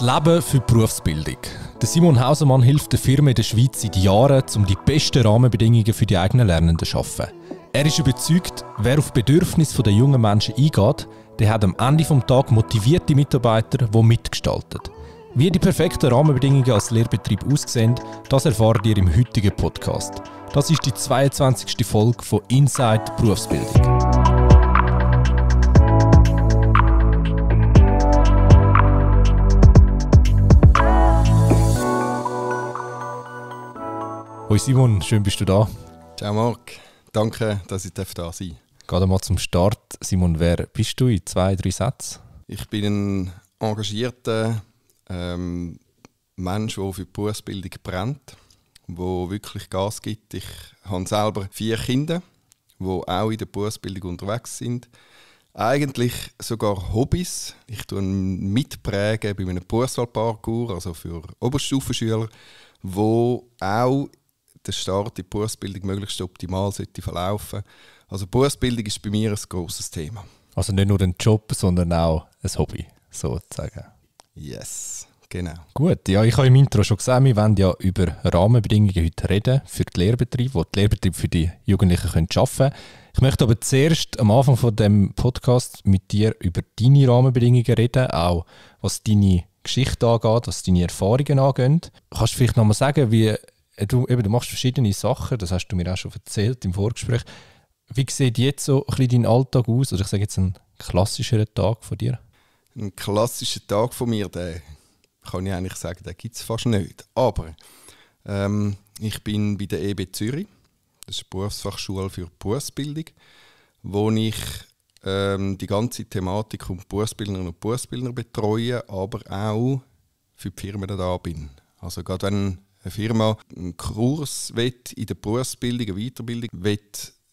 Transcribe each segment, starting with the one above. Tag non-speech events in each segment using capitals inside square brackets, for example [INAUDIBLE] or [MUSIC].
Ein Leben für die Berufsbildung. Der Simon Hausemann hilft der Firma in der Schweiz seit Jahren, um die besten Rahmenbedingungen für die eigenen Lernenden zu schaffen. Er ist überzeugt, wer auf Bedürfnisse der jungen Menschen eingeht, der hat am Ende des Tages motivierte Mitarbeiter, die mitgestalten. Wie die perfekten Rahmenbedingungen als Lehrbetrieb aussehen, das erfahrt ihr im heutigen Podcast. Das ist die 22. Folge von Inside Berufsbildung. Hoi Simon, schön bist du da. Ciao Marc, danke, dass ich da sein darf. Gerade mal zum Start. Simon, wer bist du in zwei, drei Sätzen? Ich bin ein engagierter ähm, Mensch, der für die Berufsbildung brennt, der wirklich Gas gibt. Ich habe selber vier Kinder, die auch in der Berufsbildung unterwegs sind eigentlich sogar Hobbys. Ich tue mitprägen bei meinem Berufswahlparcours, also für Oberstufenschüler, wo auch der Start in die Berufsbildung möglichst optimal sollte verlaufen Also Berufsbildung ist bei mir ein grosses Thema. Also nicht nur ein Job, sondern auch ein Hobby, sozusagen. Yes, genau. Gut, ja, ich habe im Intro schon gesehen, wir wollen ja über Rahmenbedingungen heute reden für die Lehrbetriebe, wo die Lehrbetriebe für die Jugendlichen arbeiten können. Ich möchte aber zuerst am Anfang von dem Podcast mit dir über deine Rahmenbedingungen reden, auch was deine Geschichte angeht, was deine Erfahrungen angeht. Kannst du vielleicht nochmal sagen, wie äh, du, eben, du machst verschiedene Sachen, das hast du mir auch schon erzählt im Vorgespräch. Wie sieht jetzt so ein dein Alltag aus? Oder ich sage jetzt einen klassischeren Tag von dir? Ein klassischer Tag von mir, der kann ich eigentlich sagen, den gibt es fast nicht. Aber ähm, ich bin bei der EB Zürich, das ist die Berufsfachschule für Berufsbildung, wo ich ähm, die ganze Thematik um Berufsbildnerinnen und Berufsbildner betreue, aber auch für die Firmen da bin. Also gerade wenn eine Firma einen Kurs will, in der Berufsbildung, eine Weiterbildung will,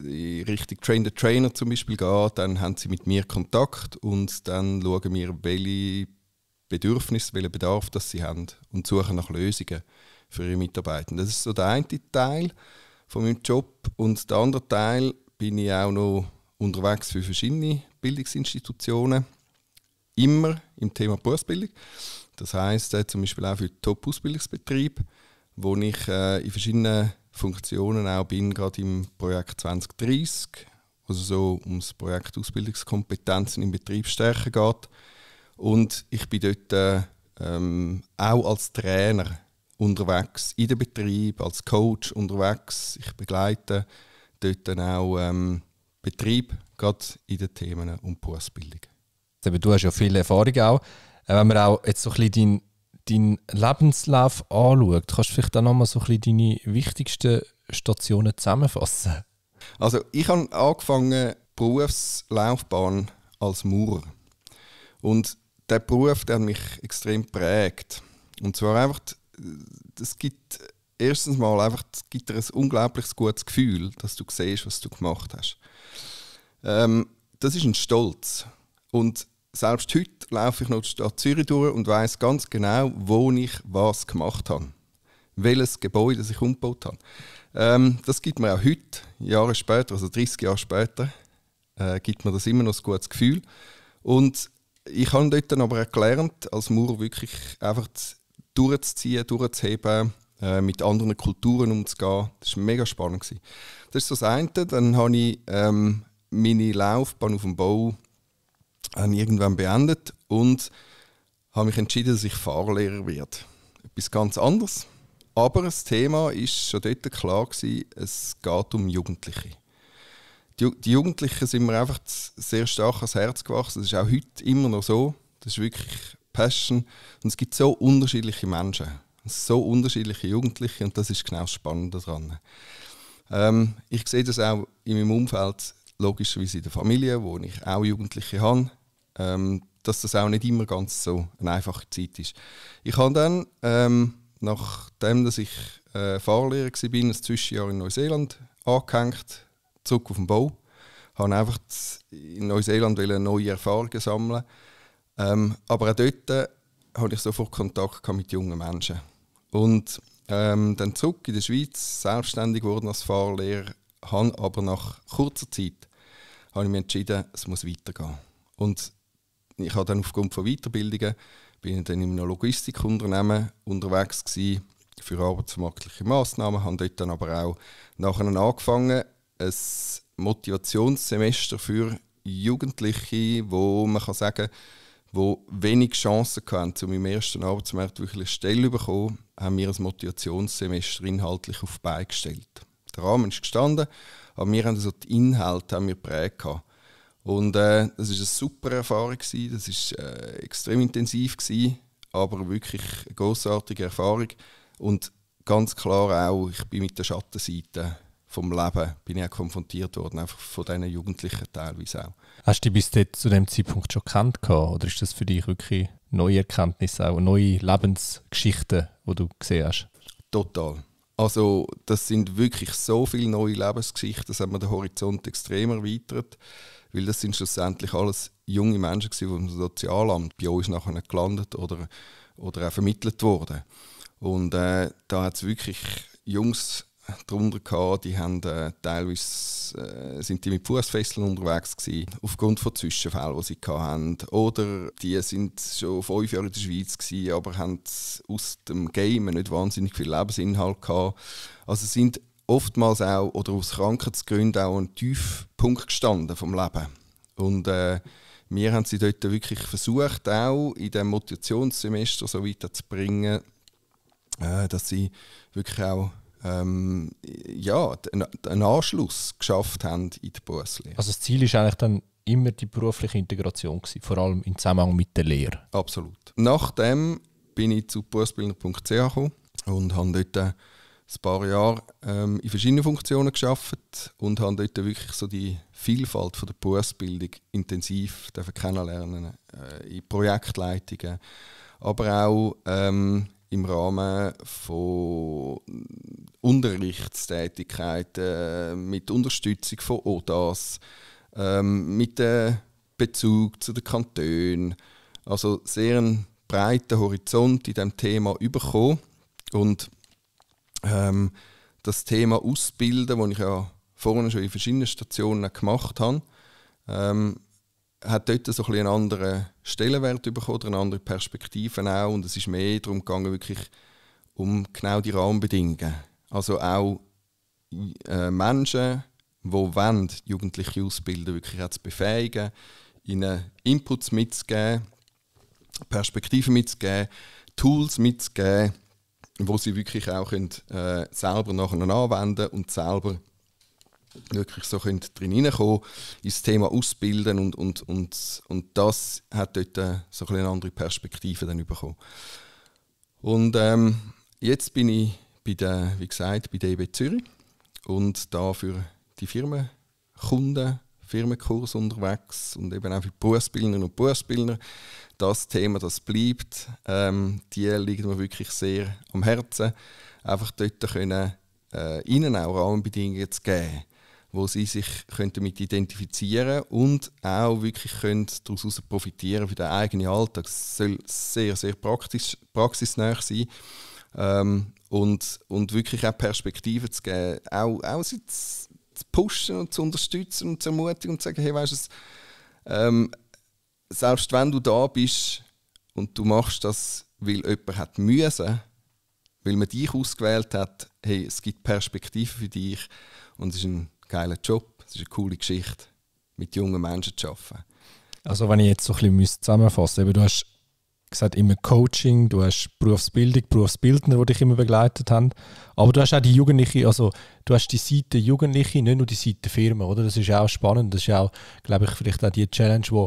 in Richtung Train the Trainer zum Beispiel gehen, dann haben sie mit mir Kontakt und dann schauen wir, welche Bedürfnisse, welchen Bedarf das sie haben und suchen nach Lösungen für ihre Mitarbeitenden. Das ist so der eine Teil von meinem Job und der andere Teil bin ich auch noch unterwegs für verschiedene Bildungsinstitutionen, immer im Thema Berufsbildung. Das heißt äh, zum Beispiel auch für Top-Ausbildungsbetriebe wo ich äh, in verschiedenen Funktionen auch bin, gerade im Projekt 2030, also es so ums Projekt Ausbildungskompetenzen im Betrieb stärken geht. Und ich bin dort äh, ähm, auch als Trainer unterwegs in den Betrieb, als Coach unterwegs. Ich begleite dort dann auch ähm, Betrieb, gerade in den Themen um Berufsbildung. Du hast ja viele Erfahrungen auch. Äh, wenn wir auch jetzt so ein bisschen deinen deinen Lebenslauf anschaut, kannst du vielleicht auch nochmal so ein bisschen deine wichtigsten Stationen zusammenfassen? Also ich habe angefangen Berufslaufbahn als Maurer. Und der Beruf der hat mich extrem prägt. Und zwar einfach, es gibt erstens mal einfach gibt dir ein unglaublich gutes Gefühl, dass du siehst, was du gemacht hast. Ähm, das ist ein Stolz. Und selbst heute laufe ich noch die Stadt Zürich durch und weiß ganz genau, wo ich was gemacht habe. Welches Gebäude ich umgebaut habe. Ähm, das gibt mir auch heute, Jahre später, also 30 Jahre später, äh, gibt mir das immer noch ein gutes Gefühl. Und ich habe dort dann aber gelernt, als Maurer wirklich einfach durchzuziehen, durchzuheben, äh, mit anderen Kulturen umzugehen. Das war mega spannend. Das ist so das eine. Dann habe ich ähm, meine Laufbahn auf dem Bau habe ich irgendwann beendet und habe mich entschieden, dass ich Fahrlehrer werde. Etwas ganz anderes. Aber das Thema ist schon dort klar gewesen, es geht um Jugendliche. Die, die Jugendlichen sind mir einfach sehr stark ans Herz gewachsen. Das ist auch heute immer noch so. Das ist wirklich Passion. Und es gibt so unterschiedliche Menschen, so unterschiedliche Jugendliche und das ist genau das Spannende daran. Ähm, ich sehe das auch in meinem Umfeld logischerweise in der Familie, wo ich auch Jugendliche habe, ähm, dass das auch nicht immer ganz so eine einfache Zeit ist. Ich habe dann, ähm, nachdem dass ich äh, Fahrlehrer war, ein Zwischenjahr in Neuseeland angehängt, zurück auf den Bau. Ich wollte einfach in Neuseeland neue Erfahrungen sammeln. Ähm, aber auch dort äh, hatte ich sofort Kontakt mit jungen Menschen. Und ähm, dann zurück in der Schweiz, selbstständig geworden als Fahrlehrer, habe aber nach kurzer Zeit habe ich mich entschieden, es muss weitergehen. Und ich habe dann aufgrund von Weiterbildungen bin ich dann in einem Logistikunternehmen unterwegs gewesen für arbeitsmarktliche Maßnahmen, habe dort dann aber auch nachher angefangen, ein Motivationssemester für Jugendliche, wo man kann sagen wo wenig Chancen hatten, um im ersten Arbeitsmarkt wirklich eine Stelle zu bekommen, haben wir ein Motivationssemester inhaltlich auf die Beine gestellt der Rahmen ist gestanden, aber wir haben so die Inhalte haben wir geprägt. Und äh, das war eine super Erfahrung, gewesen. das war äh, extrem intensiv, gewesen, aber wirklich eine grossartige Erfahrung. Und ganz klar auch, ich bin mit der Schattenseite vom Leben bin ich auch konfrontiert worden, einfach von diesen Jugendlichen teilweise auch. Hast du dich bis dort, zu dem Zeitpunkt schon gekannt gehabt, oder ist das für dich wirklich neue Erkenntnisse, auch neue Lebensgeschichten, die du gesehen hast? Total. Also das sind wirklich so viele neue Lebensgeschichten, dass hat mir den Horizont extrem erweitert, weil das sind schlussendlich alles junge Menschen vom Sozialamt bei uns nachher gelandet oder, oder auch vermittelt worden. Und äh, da hat es wirklich Jungs darunter gehabt. Die haben äh, teilweise äh, sind die mit Fußfesseln unterwegs gewesen, aufgrund von Zwischenfällen, die sie hatten. Oder die sind schon fünf Jahre in der Schweiz gewesen, aber haben aus dem Game nicht wahnsinnig viel Lebensinhalt gehabt. Also sind oftmals auch oder aus Krankheitsgründen auch ein Tiefpunkt gestanden vom Leben. Und äh, wir haben sie dort wirklich versucht, auch in dem Motivationssemester so weiterzubringen, äh, dass sie wirklich auch ähm, ja, einen Anschluss geschafft haben in die Berufslehre. Also das Ziel ist eigentlich dann immer die berufliche Integration gewesen, vor allem im Zusammenhang mit der Lehre. Absolut. Nachdem bin ich zu berufsbildner.ch gekommen und habe dort äh, ein paar Jahre ähm, in verschiedenen Funktionen geschafft und habe dort wirklich so die Vielfalt von der Berufsbildung intensiv kennenlernen äh, in Projektleitungen, aber auch ähm, im Rahmen von Unterrichtstätigkeiten äh, mit Unterstützung von ODAS, ähm, mit dem Bezug zu den Kantonen. Also sehr einen breiten Horizont in diesem Thema bekommen. Und ähm, das Thema Ausbilden, das ich ja vorhin schon in verschiedenen Stationen gemacht habe, ähm, hat dort so ein einen anderen Stellenwert bekommen oder eine andere Perspektive auch. Und es ist mehr darum gegangen, wirklich um genau die Rahmenbedingungen. Also auch äh, Menschen, die wollen, Jugendliche ausbilden, wirklich auch zu befähigen, ihnen Inputs mitzugeben, Perspektiven mitzugeben, Tools mitzugeben, wo sie wirklich auch können, äh, selber nachher anwenden und selber wirklich so können drin hineinkommen ins Thema ausbilden und, und, und, und das hat dort äh, so eine andere Perspektive dann bekommen. Und ähm, jetzt bin ich bei der, wie gesagt, bei DB Zürich und da für die Firmenkunden, Firmenkurs unterwegs und eben auch für die Berufsbildnerinnen und Berufsbildner. Das Thema, das bleibt, ähm, die liegt mir wirklich sehr am Herzen. Einfach dort können, äh, ihnen auch Rahmenbedingungen zu geben wo sie sich damit identifizieren und auch wirklich daraus profitieren für den eigenen Alltag. Es soll sehr, sehr praktisch, praxisnah sein ähm, und, und wirklich auch Perspektiven zu geben, auch, auch sie zu, zu pushen und zu unterstützen und zu ermutigen und zu sagen, hey, weißt du, ähm, selbst wenn du da bist und du machst das, weil jemand hat müssen, weil man dich ausgewählt hat, hey, es gibt Perspektiven für dich und es ist ein geiler Job, es ist eine coole Geschichte, mit jungen Menschen zu arbeiten. Also wenn ich jetzt so ein bisschen zusammenfasse, müsste, du hast gesagt, immer Coaching, du hast Berufsbildung, Berufsbildner, die dich immer begleitet haben. Aber du hast auch die Jugendlichen, also du hast die Seite Jugendliche, nicht nur die Seite Firmen, oder? Das ist auch spannend. Das ist auch, glaube ich, vielleicht auch die Challenge, die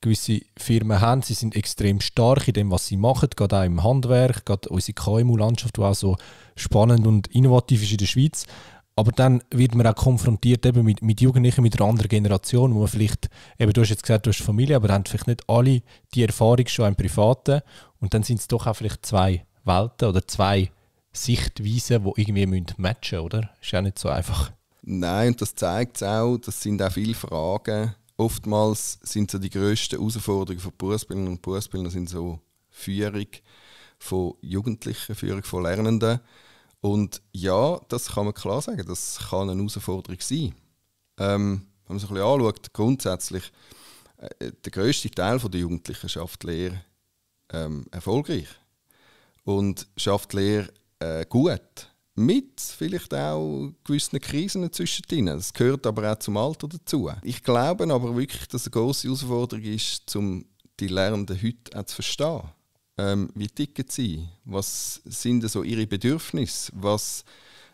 gewisse Firmen haben. Sie sind extrem stark in dem, was sie machen, gerade auch im Handwerk, gerade unsere KMU-Landschaft, die auch so spannend und innovativ ist in der Schweiz. Aber dann wird man auch konfrontiert eben mit, mit Jugendlichen, mit einer anderen Generation, wo man vielleicht, eben du hast jetzt gesagt, du hast Familie, aber haben vielleicht nicht alle die Erfahrung schon im Privaten. Und dann sind es doch auch vielleicht zwei Welten oder zwei Sichtweisen, die irgendwie matchen müssen oder? Ist ja nicht so einfach. Nein, und das zeigt es auch, das sind auch viele Fragen. Oftmals sind so die grössten Herausforderungen von Berufsbildern und Berufsbildern sind so Führung von Jugendlichen, Führung von Lernenden und ja, das kann man klar sagen, das kann eine Herausforderung sein. Ähm, wenn man sich ein bisschen anschaut, grundsätzlich, äh, der grösste Teil der Jugendlichen schafft Lehre ähm, erfolgreich und schafft Lehre äh, gut. Mit vielleicht auch gewissen Krisen zwischendrin. Das gehört aber auch zum Alter dazu. Ich glaube aber wirklich, dass es eine grosse Herausforderung ist, um die Lernenden heute auch zu verstehen ähm, wie ticken sie? Was sind so ihre Bedürfnisse? Was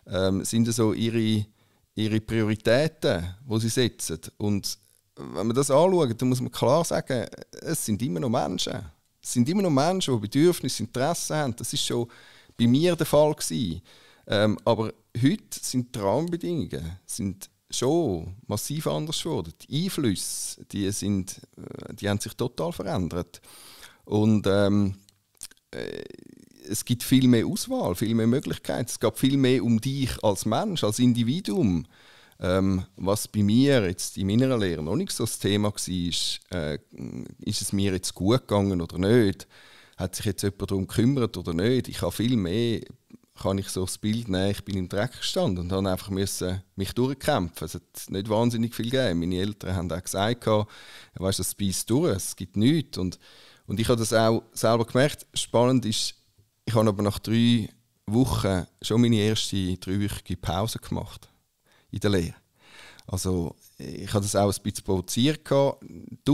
ähm, sind so ihre, ihre Prioritäten, wo sie setzen? Und wenn man das anschaut, dann muss man klar sagen, es sind immer noch Menschen. Es sind immer noch Menschen, die Bedürfnisse, Interessen haben. Das ist schon bei mir der Fall gewesen. Ähm, aber heute sind die Rahmenbedingungen sind schon massiv anders geworden. Die Einflüsse, die, sind, äh, die haben sich total verändert. Und ähm, äh, es gibt viel mehr Auswahl, viel mehr Möglichkeiten. Es gab viel mehr um dich als Mensch, als Individuum. Ähm, was bei mir jetzt in meiner Lehre noch nicht so das Thema war, ist, äh, ist es mir jetzt gut gegangen oder nicht? Hat sich jetzt jemand darum gekümmert oder nicht? Ich habe viel mehr, kann ich so das Bild nehmen, ich bin im Dreck gestanden und habe einfach müssen mich durchkämpfen. Es hat nicht wahnsinnig viel gegeben. Meine Eltern haben auch gesagt, weißt, das beißt durch, es gibt nichts. Und und ich habe das auch selber gemerkt. Spannend ist, ich habe aber nach drei Wochen schon meine erste dreiwöchige Pause gemacht in der Lehre. Also ich habe das auch ein bisschen provoziert. Der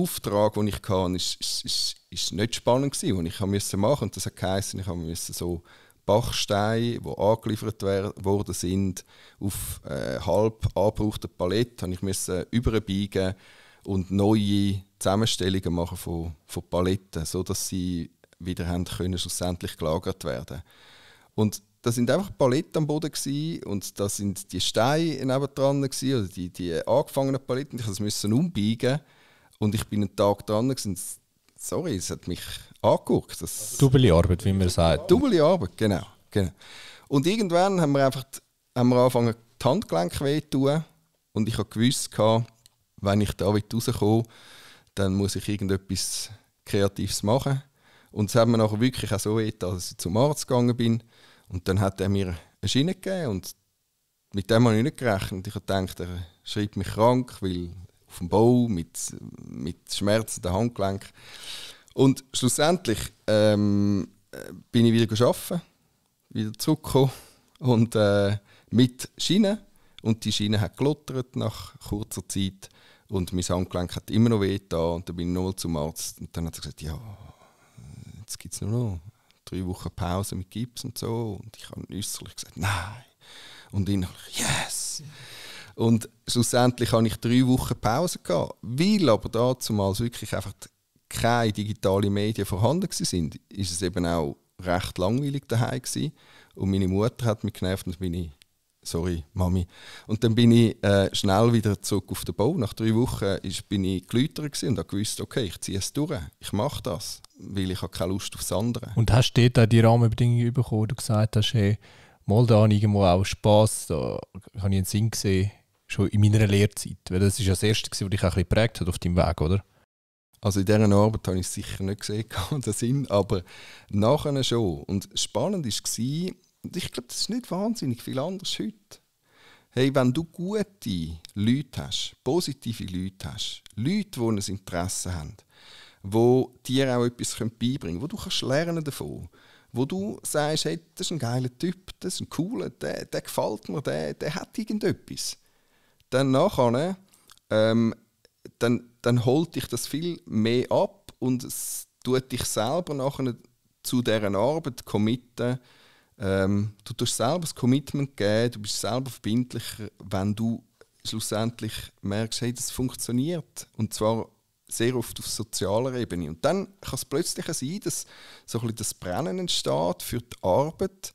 Auftrag, den ich hatte, ist, ist, ist, ist nicht spannend gewesen, und ich musste machen und das hat geheißen, ich musste so Bachsteine, die angeliefert worden sind, auf äh, halb angebrauchten Palette habe ich müssen überbiegen und neue Zusammenstellungen machen von, von Paletten, sodass sie wieder haben können, schlussendlich gelagert werden Und da sind einfach Paletten am Boden gewesen, und da sind die Steine nebendran gewesen, oder die, die angefangenen Paletten, ich musste umbiegen und ich bin einen Tag dran gewesen, sorry, es hat mich angeguckt. Das Double Arbeit, wie man sagt. Double Arbeit, genau, genau. Und irgendwann haben wir einfach haben wir angefangen, die Handgelenke weh zu tun und ich habe gewusst, wenn ich da rauskomme, dann muss ich irgendetwas Kreatives machen. Und das hat mir nachher wirklich auch so getan, dass ich zum Arzt gegangen bin und dann hat er mir eine Schiene gegeben und mit dem habe ich nicht gerechnet. Ich habe gedacht, er schreibt mich krank, weil auf dem Bau mit, mit schmerzenden Handgelenk. Und schlussendlich ähm, bin ich wieder arbeiten, wieder zurückgekommen und äh, mit Schiene. Und die Schiene hat gelottert nach kurzer Zeit. Und mein Handgelenk hat immer noch weh da und dann bin ich nochmal zum Arzt und dann hat er gesagt, ja, jetzt gibt es nur noch drei Wochen Pause mit Gips und so. Und ich habe äußerlich gesagt, nein. Und innerlich, yes! Und schlussendlich habe ich drei Wochen Pause gehabt, weil aber damals wirklich einfach keine digitalen Medien vorhanden waren, ist es eben auch recht langweilig daheim gewesen. Und meine Mutter hat mich genervt und meine sorry, Mami. Und dann bin ich äh, schnell wieder zurück auf den Bau. Nach drei Wochen ist, bin ich geläutert und habe gewusst, okay, ich ziehe es durch, ich mache das, weil ich habe keine Lust aufs andere. Und hast du dort auch die Rahmenbedingungen bekommen, du gesagt hast, hey, mal da irgendwo auch Spass, da habe ich einen Sinn gesehen, schon in meiner Lehrzeit. Weil das ist ja das Erste, was dich auch ein bisschen geprägt hat auf deinem Weg, oder? Also in dieser Arbeit habe ich es sicher nicht gesehen, [LAUGHS] den Sinn, aber nachher schon. Und spannend war, und ich glaube, das ist nicht wahnsinnig viel anders heute. Hey, wenn du gute Leute hast, positive Leute hast, Leute, die ein Interesse haben, die dir auch etwas beibringen können, wo du kannst lernen davon wo du sagst, hey, das ist ein geiler Typ, das ist ein cooler, der, der gefällt mir, der, der hat irgendetwas. Dann nachher, ähm, dann, dann holt dich das viel mehr ab und es tut dich selber nachher zu deren Arbeit committen, ähm, du tust selber das Commitment geben, du bist selber verbindlich, wenn du schlussendlich merkst, hey, das funktioniert. Und zwar sehr oft auf sozialer Ebene. Und dann kann es plötzlich sein, dass so ein bisschen das Brennen entsteht für die Arbeit,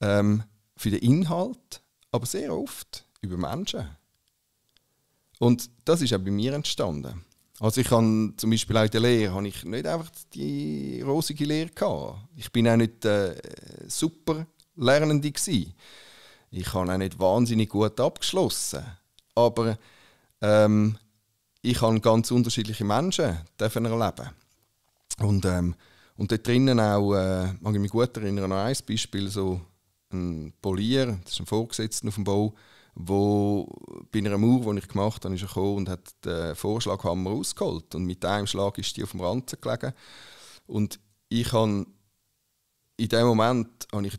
ähm, für den Inhalt, aber sehr oft über Menschen. Und das ist auch bei mir entstanden. Also ich habe zum Beispiel auch in der Lehre habe ich nicht einfach die rosige Lehre gehabt. Ich bin auch nicht äh, super Lernende gewesen. Ich habe auch nicht wahnsinnig gut abgeschlossen. Aber ähm, ich habe ganz unterschiedliche Menschen dürfen erleben. Und, ähm, und dort drinnen auch, äh, mag ich mich gut erinnern, an ein Beispiel, so ein Polier, das ist ein Vorgesetzter auf dem Bau, wo bei einer Mauer, die ich gemacht habe, ist er und hat den Vorschlaghammer ausgeholt. Und mit einem Schlag ist die auf dem Rand gelegen. Und ich habe in dem Moment habe ich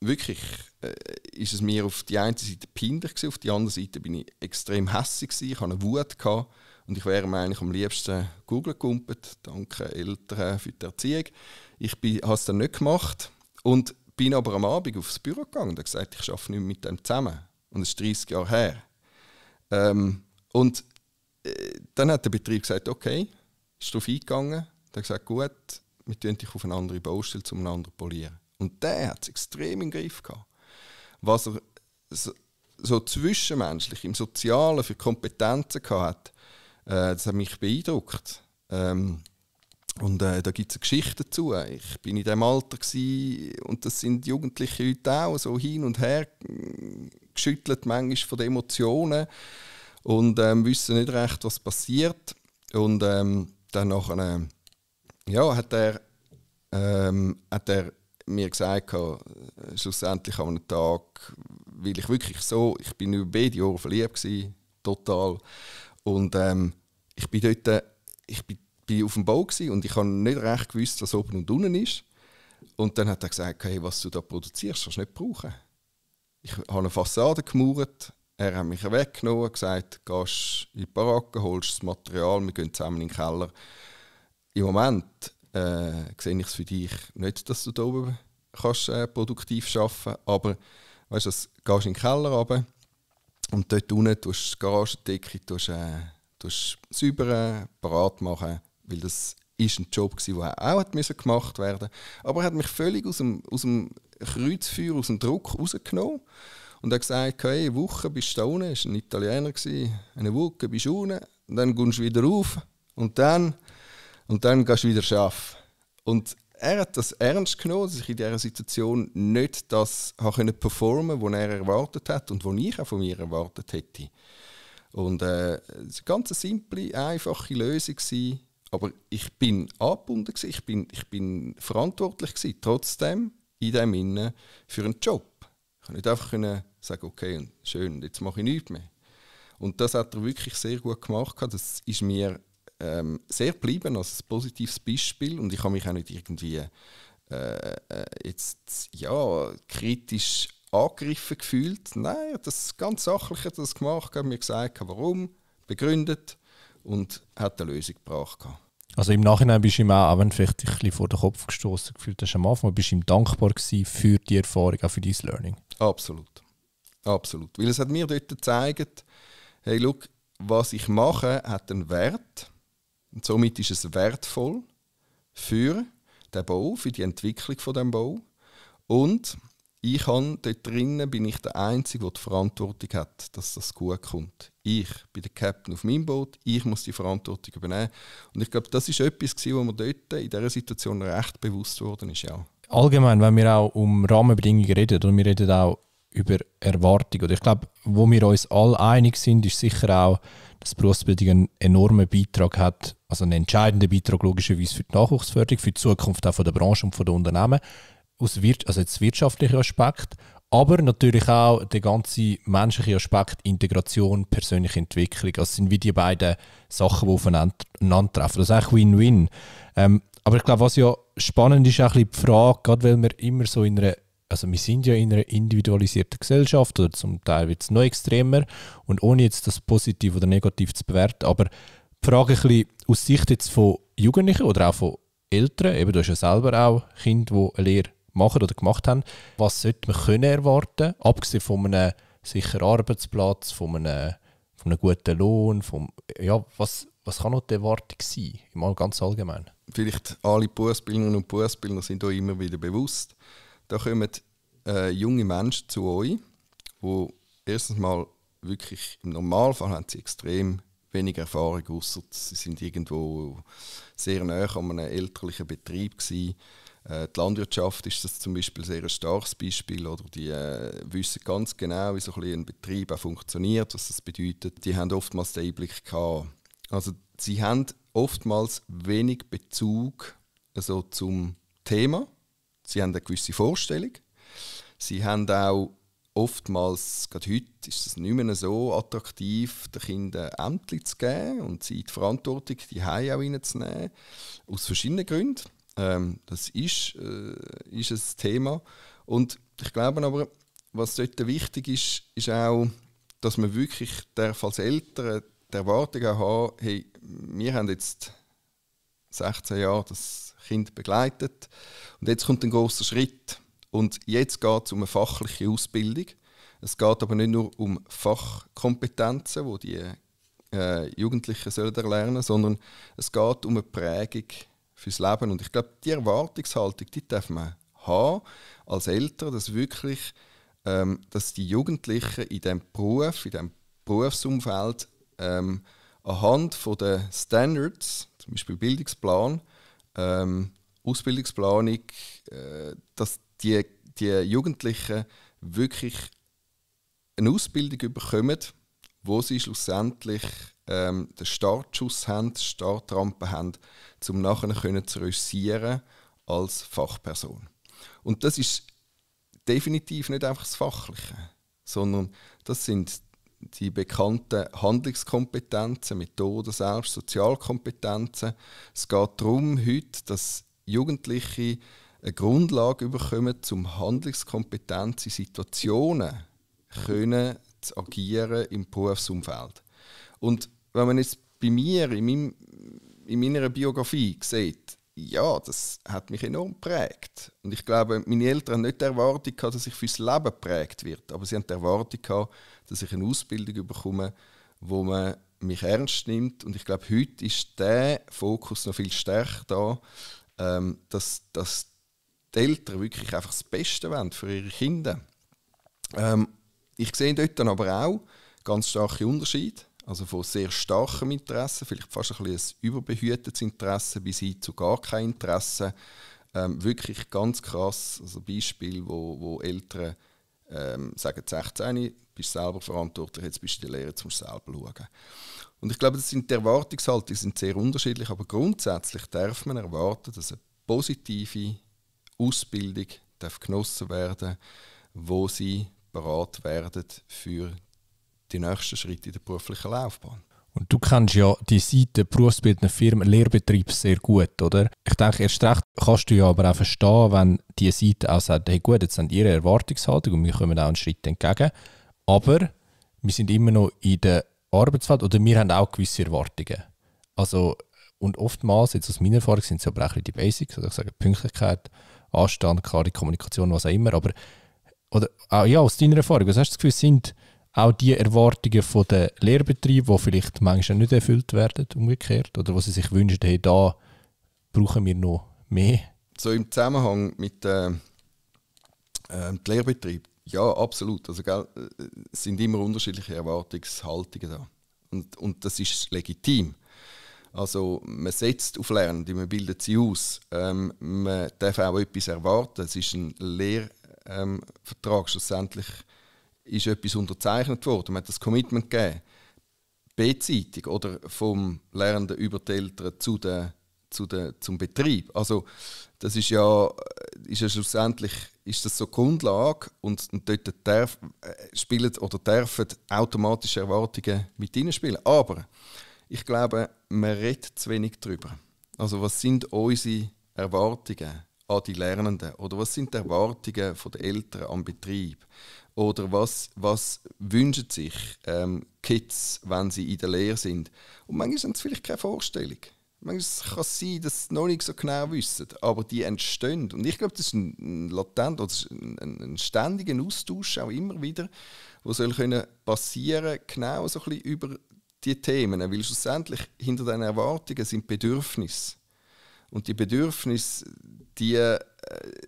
wirklich äh, ist es mir auf die eine Seite peinlich gewesen, auf die andere Seite bin ich extrem hässig gewesen, ich hatte eine Wut gehabt und ich wäre mir eigentlich am liebsten Google gumpet. Danke Eltern für die Erziehung. Ich habe es dann nicht gemacht und bin aber am Abend aufs Büro gegangen und habe gesagt, ich arbeite nicht mit dem zusammen. Und es ist 30 Jahre her. Ähm, und äh, dann hat der Betrieb gesagt, okay, ist darauf eingegangen. Dann hat gesagt, gut, wir tun dich auf eine andere Baustelle, zum anderen polieren. Und der hat es extrem im Griff gehabt. Was er so, so zwischenmenschlich, im Sozialen für Kompetenzen gehabt hat, äh, das hat mich beeindruckt. Ähm, und äh, da gibt es eine Geschichte dazu. Ich bin in diesem Alter gewesen, und das sind Jugendliche heute auch so hin und her geschüttelt, manchmal von den Emotionen und ähm, wissen nicht recht, was passiert. Und ähm, dann nachher, äh, ja, hat er, ähm, hat er mir gesagt, äh, schlussendlich an einem Tag, weil ich wirklich so, ich bin über beide Jahre verliebt gewesen, total. Und ähm, ich bin dort, äh, ich bin, bin auf dem Bau und ich habe nicht recht gewusst, was oben und unten ist. Und dann hat er gesagt, hey, was du da produzierst, kannst du nicht brauchen. Ich habe eine Fassade gemauert. Er hat mich weggenommen und gesagt, gehst in die Baracke, holst das Material, wir gehen zusammen in den Keller. Im Moment äh, sehe ich es für dich nicht, dass du hier oben kannst, äh, produktiv arbeiten kannst, aber weißt, du, gehst in den Keller runter und dort unten tust du die Garagendecke tust, äh, tust säubern, parat machen, weil das war ein Job, der auch hat gemacht werden Aber er hat mich völlig aus dem, aus dem Kreuzfeuer aus dem Druck rausgenommen und hat gesagt, hey, eine Woche bist du unten, das ein Italiener, eine Woche bist du unten, und dann gehst du wieder auf und dann, und dann gehst du wieder arbeiten. Und er hat das ernst genommen, dass ich in dieser Situation nicht das habe performen konnte, was er erwartet hat und was ich auch von mir erwartet hätte. Und äh, es war eine ganz simple, einfache Lösung. Gewesen. Aber ich bin angebunden, ich bin, ich bin verantwortlich gewesen, trotzdem in dem Innen für einen Job. Ich konnte nicht einfach können sagen, okay, schön, jetzt mache ich nichts mehr. Und das hat er wirklich sehr gut gemacht. Das ist mir ähm, sehr geblieben als ein positives Beispiel. Und ich habe mich auch nicht irgendwie äh, äh, jetzt, ja, kritisch angegriffen gefühlt. Nein, das ganz Sachliche hat das gemacht, hat mir gesagt, warum, begründet und hat eine Lösung gebracht. Also im Nachhinein bist du ihm auch, auch wenn vielleicht ein bisschen vor den Kopf gestoßen gefühlt hast am Anfang, bist du ihm dankbar gewesen für die Erfahrung, auch für dein Learning. Absolut. Absolut. Weil es hat mir dort gezeigt, hey, look, was ich mache, hat einen Wert. Und somit ist es wertvoll für den Bau, für die Entwicklung von dem Bau. Und ich habe dort drinnen, bin ich der Einzige, der die Verantwortung hat, dass das gut kommt. Ich bin der Captain auf meinem Boot, ich muss die Verantwortung übernehmen. Und ich glaube, das ist etwas, was mir dort in dieser Situation recht bewusst worden ist. Ja. Allgemein, wenn wir auch um Rahmenbedingungen reden, und wir reden auch über Erwartungen, und ich glaube, wo wir uns alle einig sind, ist sicher auch, dass Berufsbildung einen enormen Beitrag hat, also einen entscheidenden Beitrag logischerweise für die Nachwuchsförderung, für die Zukunft auch von der Branche und von den Unternehmen aus also jetzt wirtschaftlicher Aspekt, aber natürlich auch der ganze menschliche Aspekt, Integration, persönliche Entwicklung. Das also sind wie die beiden Sachen, die aufeinandertreffen. Das ist eigentlich Win-Win. Ähm, aber ich glaube, was ja spannend ist, ist auch die Frage, gerade weil wir immer so in einer also wir sind ja in einer individualisierten Gesellschaft oder zum Teil wird es noch extremer und ohne jetzt das positiv oder negativ zu bewerten, aber die Frage ein bisschen aus Sicht jetzt von Jugendlichen oder auch von Eltern, eben du hast ja selber auch Kind, wo eine Lehre machen oder gemacht haben. Was sollte man können erwarten, abgesehen von einem sicheren Arbeitsplatz, von einem, von einem guten Lohn, vom, ja, was, was kann noch die Erwartung sein, ganz allgemein? Vielleicht alle Bußbildnerinnen und Bußbildner sind euch immer wieder bewusst. Da kommen äh, junge Menschen zu euch, wo erstens mal wirklich im Normalfall haben sie extrem wenig Erfahrung, außer sie sind irgendwo sehr nah an einem elterlichen Betrieb gewesen. Äh, die Landwirtschaft ist das zum Beispiel sehr ein starkes Beispiel. Oder die äh, wissen ganz genau, wie so ein, ein Betrieb auch funktioniert, was das bedeutet. Die haben oftmals den Einblick gehabt. Also sie haben oftmals wenig Bezug also zum Thema. Sie haben eine gewisse Vorstellung. Sie haben auch oftmals, gerade heute, ist es nicht mehr so attraktiv, den Kindern Ämter zu geben und sie die Verantwortung die Hause auch reinzunehmen. Aus verschiedenen Gründen. Ähm, das ist, äh, ist ein Thema. Und ich glaube aber, was dort wichtig ist, ist auch, dass man wirklich darf als Eltern die Erwartung haben, hey, wir haben jetzt 16 Jahre das Kind begleitet und jetzt kommt ein großer Schritt. Und jetzt geht es um eine fachliche Ausbildung. Es geht aber nicht nur um Fachkompetenzen, wo die, die äh, Jugendlichen sollen erlernen, sondern es geht um eine Prägung fürs Leben. Und ich glaube, die Erwartungshaltung, die darf man haben als Eltern, dass wirklich, ähm, dass die Jugendlichen in diesem Beruf, in diesem Berufsumfeld ähm, anhand der Standards, zum Beispiel Bildungsplan, ähm, Ausbildungsplanung, äh, dass die, die Jugendlichen wirklich eine Ausbildung bekommen, wo sie schlussendlich ähm, den Startschuss haben, die Startrampe haben, um nachher können zu reüssieren als Fachperson. Und das ist definitiv nicht einfach das Fachliche, sondern das sind die bekannten Handlungskompetenzen, Methoden selbst, Sozialkompetenzen. Es geht darum heute, dass Jugendliche eine Grundlage bekommen, um Handlungskompetenz in Situationen können zu agieren im Berufsumfeld. Und wenn man jetzt bei mir, in, meinem, in meiner Biografie sieht, ja, das hat mich enorm geprägt. Und ich glaube, meine Eltern haben nicht die Erwartung gehabt, dass ich fürs Leben geprägt wird, aber sie haben die Erwartung gehabt, dass ich eine Ausbildung bekomme, wo man mich ernst nimmt. Und ich glaube, heute ist der Fokus noch viel stärker da, ähm, dass, dass die Eltern wirklich einfach das Beste wollen für ihre Kinder. Ähm, ich sehe dort dann aber auch ganz starke Unterschiede. Also von sehr starkem Interesse, vielleicht fast ein, ein überbehütetes Interesse, bis hin zu gar kein Interesse. Ähm, wirklich ganz krass. Also Beispiel, wo, wo Eltern ähm, sagen, 16, bist selber verantwortlich, jetzt bist du die Lehrer, jetzt musst du selber schauen. Und ich glaube, das sind die Erwartungshaltungen sind sehr unterschiedlich, aber grundsätzlich darf man erwarten, dass eine positive Ausbildung darf genossen werden, wo sie bereit werden für die nächsten Schritte in der beruflichen Laufbahn. Und du kennst ja die Seite berufsbildender Firmen, Lehrbetrieb sehr gut, oder? Ich denke, erst recht kannst du ja aber auch verstehen, wenn die Seite auch sagt, hey gut, jetzt sind ihre Erwartungshaltung und wir kommen auch einen Schritt entgegen, aber wir sind immer noch in der Arbeitswelt oder wir haben auch gewisse Erwartungen. Also, und oftmals, jetzt aus meiner Erfahrung, sind es aber auch die Basics, oder also ich sage Pünktlichkeit, Anstand, klare Kommunikation, was auch immer. Aber oder, auch, ja, aus deiner Erfahrung, was hast du das Gefühl, sind auch die Erwartungen von den Lehrbetrieben, die vielleicht manchmal nicht erfüllt werden, umgekehrt, oder was sie sich wünschen, hey, da brauchen wir noch mehr? So im Zusammenhang mit äh, äh, dem Lehrbetrieb, ja, absolut. Also, gell, äh, es sind immer unterschiedliche Erwartungshaltungen da. Und, und das ist legitim. Also man setzt auf Lernende, man bildet sie aus. Ähm, man darf auch etwas erwarten. Es ist ein Lehrvertrag. Ähm, Schlussendlich ist etwas unterzeichnet worden. Man hat das Commitment gegeben. Beidseitig oder vom Lernenden über die Eltern zu den, zu den, zum Betrieb. Also das ist ja, äh, ist ja schlussendlich ist das so Grundlage und, und dort darf, äh, spielen oder dürfen automatische Erwartungen mit hineinspielen. Aber ich glaube, man redet zu wenig darüber. Also was sind unsere Erwartungen an die Lernenden? Oder was sind die Erwartungen der Eltern am Betrieb? Oder was, was wünschen sich ähm, Kids, wenn sie in der Lehre sind? Und manchmal haben sie vielleicht keine Vorstellung. Manchmal kann es sein, dass sie noch nicht so genau wissen, aber die entstehen. Und ich glaube, das ist ein, latent oder ein, ein ständiger Austausch, auch immer wieder, der soll können passieren genau so ein bisschen über die Themen, weil schlussendlich hinter den Erwartungen sind Bedürfnisse. Und die Bedürfnisse, die, äh,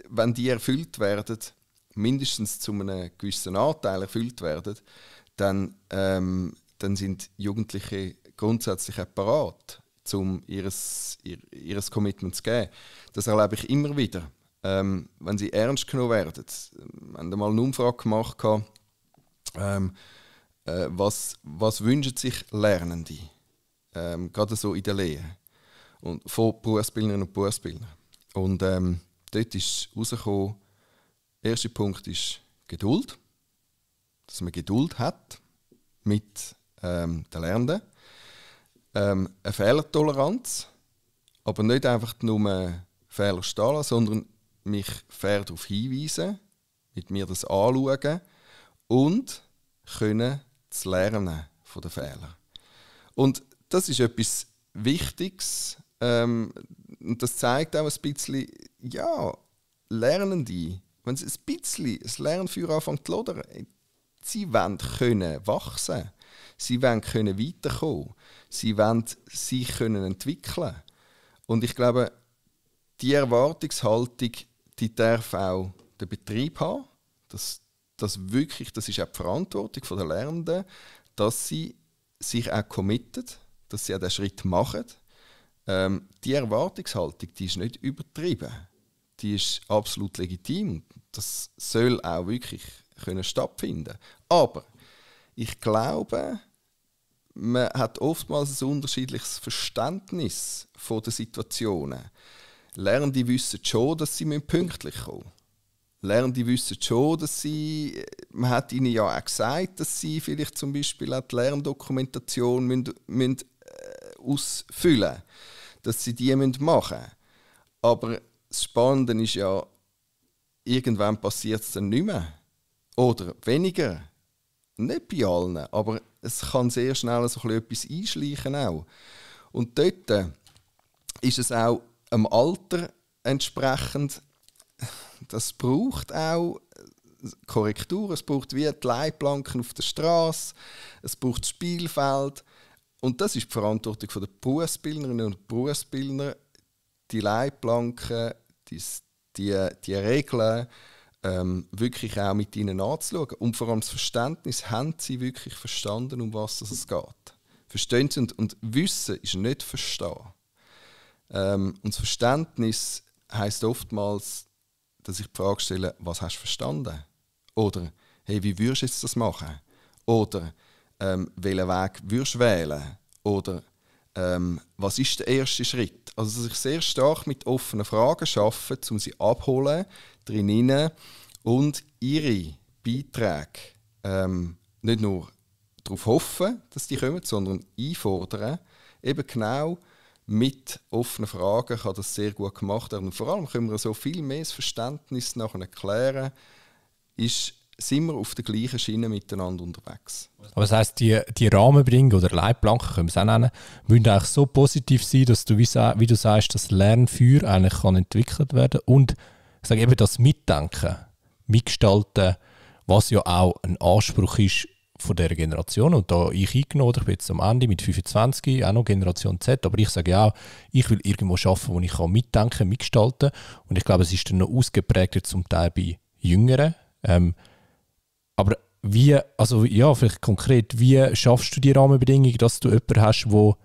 wenn die erfüllt werden, mindestens zu einem gewissen Anteil erfüllt werden, dann, ähm, dann sind Jugendliche grundsätzlich parat, um ihres, ihr, ihres Commitment zu geben. Das erlebe ich immer wieder. Ähm, wenn sie ernst genommen werden. Ähm, wir haben einmal eine Umfrage gemacht, ähm, äh, was, was wünschen sich Lernende, ähm, gerade so in der Lehre, und von Berufsbildnerinnen und Berufsbildnern. Und ähm, dort ist herausgekommen, der erste Punkt ist Geduld, dass man Geduld hat mit ähm, den Lernenden, ähm, eine Fehlertoleranz, aber nicht einfach nur Fehler stehlen, sondern mich fair darauf hinweisen, mit mir das anschauen und können das lernen von den Fehlern. Und das ist etwas Wichtiges. Ähm, und das zeigt auch ein bisschen, ja, Lernende, wenn sie ein bisschen das Lernfeuer anfängt zu lodern, sie wollen können wachsen. Sie wollen können weiterkommen. Sie wollen sich können entwickeln. Und ich glaube, die Erwartungshaltung, die darf auch der Betrieb haben. Das dass wirklich, das ist auch die Verantwortung der Lernenden, dass sie sich auch committen, dass sie auch den Schritt machen. Ähm, die Erwartungshaltung, die ist nicht übertrieben. Die ist absolut legitim. Das soll auch wirklich können stattfinden. Aber ich glaube, man hat oftmals ein unterschiedliches Verständnis von den Situationen. Lernende wissen schon, dass sie pünktlich kommen müssen. Lernende wissen schon, dass sie, man hat ihnen ja auch gesagt, dass sie vielleicht zum Beispiel auch die Lerndokumentation müssen, müssen, äh, ausfüllen müssen, dass sie die müssen machen müssen. Aber das Spannende ist ja, irgendwann passiert es dann nicht mehr. Oder weniger. Nicht bei allen, aber es kann sehr schnell so etwas einschleichen auch. Und dort äh, ist es auch am Alter entsprechend das braucht auch äh, Korrektur, es braucht wie die Leitplanken auf der Straße, es braucht das Spielfeld. Und das ist die Verantwortung der Berufsbildnerinnen und Berufsbildner, die Leitplanken, die, die, die Regeln ähm, wirklich auch mit ihnen anzuschauen. Und vor allem das Verständnis, haben sie wirklich verstanden, um was es geht? Verstehen sie und, und Wissen ist nicht Verstehen. Ähm, und das Verständnis heißt oftmals, dass ich die Frage stelle, was hast du verstanden? Oder, hey, wie würdest du jetzt das machen? Oder, ähm, welchen Weg würdest du wählen? Oder, ähm, was ist der erste Schritt? Also, dass ich sehr stark mit offenen Fragen arbeite, um sie abholen, drinnen und ihre Beiträge ähm, nicht nur darauf hoffen, dass die kommen, sondern einfordern, eben genau mit offenen Fragen kann das sehr gut gemacht werden. Und vor allem können wir so viel mehr das Verständnis nachher klären, ist, sind wir auf der gleichen Schiene miteinander unterwegs. Aber das heisst, die, die Rahmenbedingungen oder Leitplanken, können wir es auch nennen, müssen eigentlich so positiv sein, dass du, wie, wie du sagst, das Lernfeuer eigentlich kann entwickelt werden und ich sage eben das Mitdenken, Mitgestalten, was ja auch ein Anspruch ist von dieser Generation und da ich eingenommen, ich bin jetzt am Ende mit 25, auch noch Generation Z, aber ich sage ja auch, ich will irgendwo arbeiten, wo ich mitdenken kann mitdenken, mitgestalten und ich glaube, es ist dann noch ausgeprägter zum Teil bei Jüngeren. Ähm, aber wie, also ja, vielleicht konkret, wie schaffst du die Rahmenbedingungen, dass du jemanden hast, der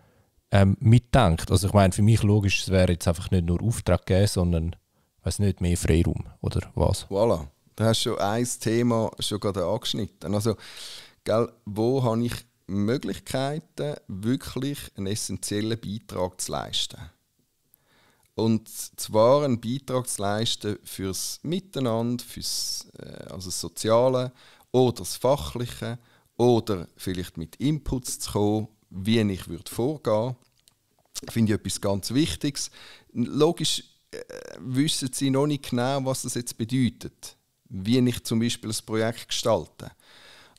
ähm, mitdenkt? Also ich meine, für mich logisch, es wäre jetzt einfach nicht nur Auftrag geben, sondern, weiß nicht, mehr Freiraum oder was? Voilà, da hast du schon ein Thema schon gerade angeschnitten. Also gell, wo habe ich Möglichkeiten, wirklich einen essentiellen Beitrag zu leisten. Und zwar einen Beitrag zu leisten fürs Miteinander, fürs äh, also das Soziale oder das Fachliche oder vielleicht mit Inputs zu kommen, wie ich würde vorgehen würde. Finde ich etwas ganz Wichtiges. Logisch äh, wissen Sie noch nicht genau, was das jetzt bedeutet, wie ich zum Beispiel ein Projekt gestalte.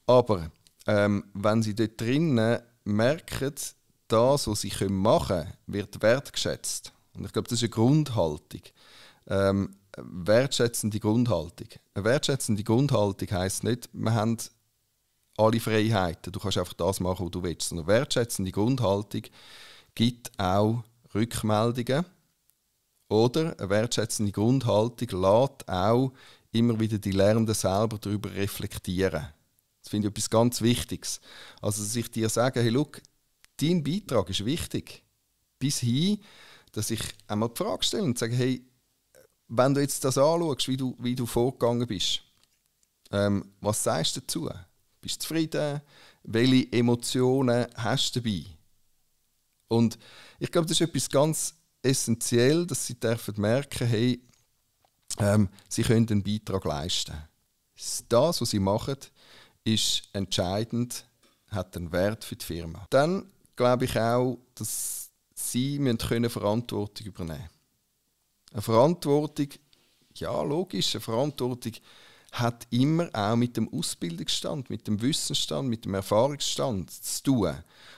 Aber ähm, wenn sie dort drinnen merken, das, was sie können machen können, wird wertgeschätzt. Und ich glaube, das ist eine Grundhaltung. Ähm, wertschätzende Grundhaltung. Eine wertschätzende Grundhaltung heisst nicht, wir haben alle Freiheiten, du kannst einfach das machen, was du willst. Sondern wertschätzende Grundhaltung gibt auch Rückmeldungen. Oder eine wertschätzende Grundhaltung lässt auch immer wieder die Lernenden selber darüber reflektieren finde ich etwas ganz Wichtiges. Also, dass ich dir sage, hey, look, dein Beitrag ist wichtig. Bis hin, dass ich einmal die Frage stelle und sage, hey, wenn du jetzt das anschaust, wie du, wie du vorgegangen bist, ähm, was sagst du dazu? Bist du zufrieden? Welche Emotionen hast du dabei? Und ich glaube, das ist etwas ganz essentiell, dass sie dürfen merken, hey, ähm, sie können einen Beitrag leisten. Das, was sie machen, ist entscheidend, hat einen Wert für die Firma. Dann glaube ich auch, dass sie müssen Verantwortung übernehmen können. Eine Verantwortung, ja logisch, eine Verantwortung hat immer auch mit dem Ausbildungsstand, mit dem Wissensstand, mit dem Erfahrungsstand zu tun.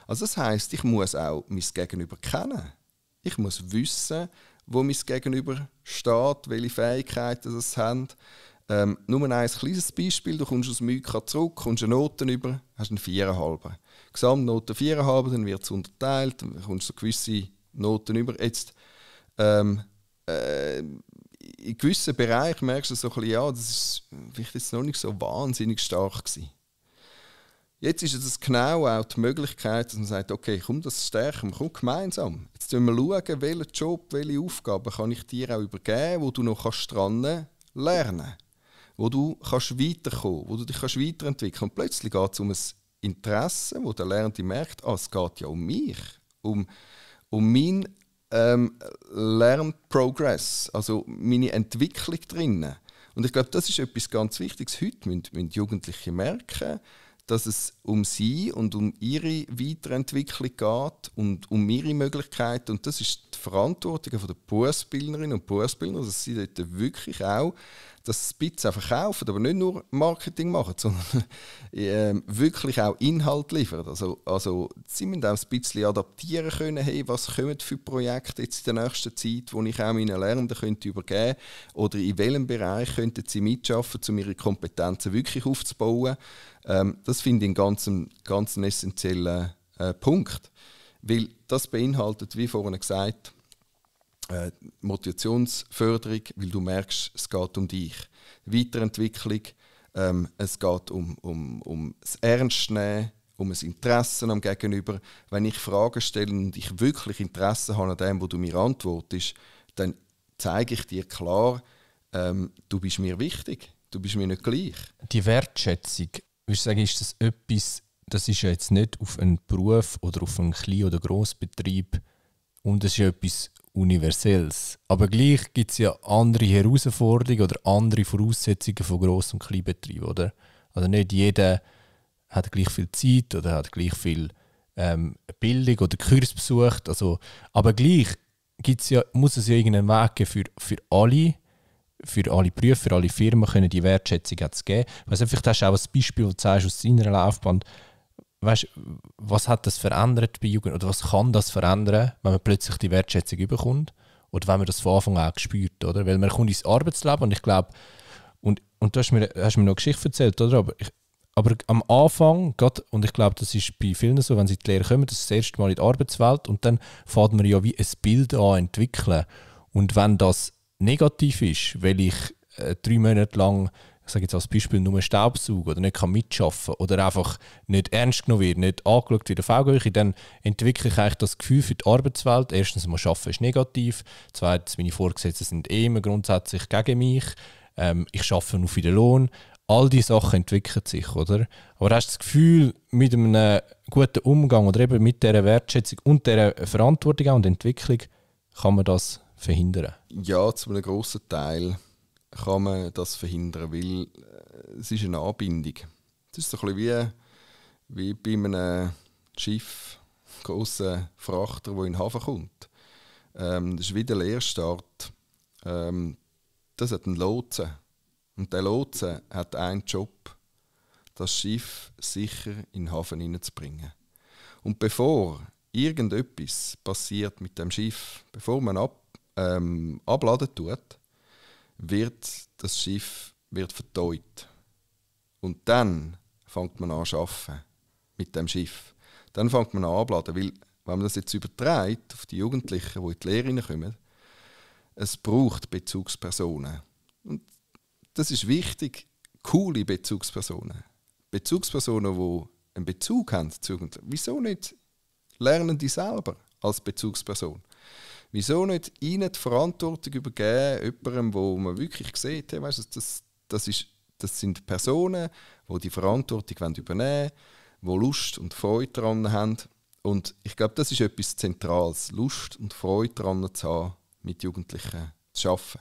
Also das heißt, ich muss auch mein Gegenüber kennen. Ich muss wissen, wo mein Gegenüber steht, welche Fähigkeiten es hat. Ähm, nur ein kleines Beispiel: Du kommst aus Myka zurück, kommst eine Note über, hast eine 4,5. Gesamtnote 4,5, dann wird es unterteilt, dann kommst du so gewisse Noten über. Jetzt, ähm, äh, in gewissen Bereichen merkst du so ein bisschen, ja, das ist vielleicht noch nicht so wahnsinnig stark gewesen. Jetzt ist es genau auch die Möglichkeit, dass man sagt, okay, komm, das stärken wir, komm gemeinsam. Jetzt schauen wir, schauen, welchen Job, welche Aufgaben kann ich dir auch übergeben, wo du noch dran lernen kannst wo du kannst weiterkommen wo du dich kannst weiterentwickeln Und plötzlich geht es um ein Interesse, wo der Lernende merkt, ah, es geht ja um mich, um, um mein ähm, Lernprogress, also meine Entwicklung drinnen. Und ich glaube, das ist etwas ganz Wichtiges. Heute müssen, müssen Jugendliche merken, dass es um sie und um ihre Weiterentwicklung geht und um ihre Möglichkeiten. Und das ist die Verantwortung der Berufsbildnerinnen und Berufsbildner, dass sie dort wirklich auch dass sie Spitz auch verkaufen, aber nicht nur Marketing machen, [LAUGHS] sondern äh, wirklich auch Inhalt liefern. Also, also sie müssen auch ein bisschen adaptieren können, hey, was kommen für Projekte jetzt in der nächsten Zeit, wo ich auch meinen Lernenden könnte übergeben könnte oder in welchem Bereich könnten sie mitschaffen, um ihre Kompetenzen wirklich aufzubauen. Ähm, das finde ich einen ganz, ganz essentiellen äh, Punkt, weil das beinhaltet, wie vorhin gesagt, äh, Motivationsförderung, weil du merkst, es geht um dich. Weiterentwicklung, ähm, es geht um, um, um das Ernstnehmen, um ein Interesse am Gegenüber. Wenn ich Fragen stelle und ich wirklich Interesse habe an dem, wo du mir antwortest, dann zeige ich dir klar, ähm, du bist mir wichtig, du bist mir nicht gleich. Die Wertschätzung, würdest du sagen, ist das etwas, das ist ja jetzt nicht auf einen Beruf oder auf einen Klein- oder Grossbetrieb und das ist ja etwas Universelles. Aber gleich gibt es ja andere Herausforderungen oder andere Voraussetzungen von Gross- und Kleinbetrieben, oder? Also nicht jeder hat gleich viel Zeit oder hat gleich viel ähm, Bildung oder Kurs besucht. Also, aber gleich gibt's ja, muss es ja irgendeinen Weg geben für, für alle, für alle Berufe, für alle Firmen können die Wertschätzung zu geben. Also, vielleicht hast du auch ein Beispiel, wo du aus deiner Laufbahn, weißt, was hat das verändert bei Jugend oder was kann das verändern, wenn man plötzlich die Wertschätzung überkommt oder wenn man das von Anfang an spürt, oder? Weil man kommt ins Arbeitsleben und ich glaube, und, und du hast mir, hast mir noch eine Geschichte erzählt, oder? Aber, ich, aber am Anfang, grad, und ich glaube, das ist bei vielen so, wenn sie in die Lehre kommen, das ist das erste Mal in die Arbeitswelt und dann fährt man ja wie ein Bild an entwickeln. Und wenn das negativ ist, weil ich äh, drei Monate lang ich sage jetzt als Beispiel, nur Staubsaugen oder nicht kann mitschaffen oder einfach nicht ernst genommen wird, nicht angeschaut wird auf Augenhöhe, dann entwickle ich eigentlich das Gefühl für die Arbeitswelt. Erstens, man arbeiten ist negativ. Zweitens, meine Vorgesetzten sind eh immer grundsätzlich gegen mich. Ähm, ich arbeite nur für den Lohn. All diese Sachen entwickeln sich, oder? Aber hast du das Gefühl, mit einem guten Umgang oder eben mit dieser Wertschätzung und dieser Verantwortung und Entwicklung kann man das verhindern? Ja, zu einem grossen Teil kann man das verhindern, weil äh, es ist eine Anbindung. Es ist so ein bisschen wie, wie bei einem Schiff, großen Frachter, der in den Hafen kommt. Ähm, das ist wie der Leerstart. Ähm, das hat einen Lotsen. Und der Lotsen hat einen Job, das Schiff sicher in den Hafen hineinzubringen. Und bevor irgendetwas passiert mit dem Schiff, bevor man ab, ähm, abladen tut, wird das Schiff wird verteut. Und dann fängt man an zu arbeiten mit dem Schiff. Dann fängt man an abladen, weil wenn man das jetzt überträgt auf die Jugendlichen, die in die Lehre hineinkommen, es braucht Bezugspersonen. Und das ist wichtig, coole Bezugspersonen. Bezugspersonen, die einen Bezug haben zu Jugendlichen. Wieso nicht lernen die selber als Bezugsperson? Wieso nicht ihnen die Verantwortung übergeben, jemandem, wo man wirklich sieht, hey, weißt, das, das, ist, das sind Personen, die die Verantwortung übernehmen wollen, die Lust und Freude daran haben. Und ich glaube, das ist etwas Zentrales, Lust und Freude daran zu haben, mit Jugendlichen zu arbeiten.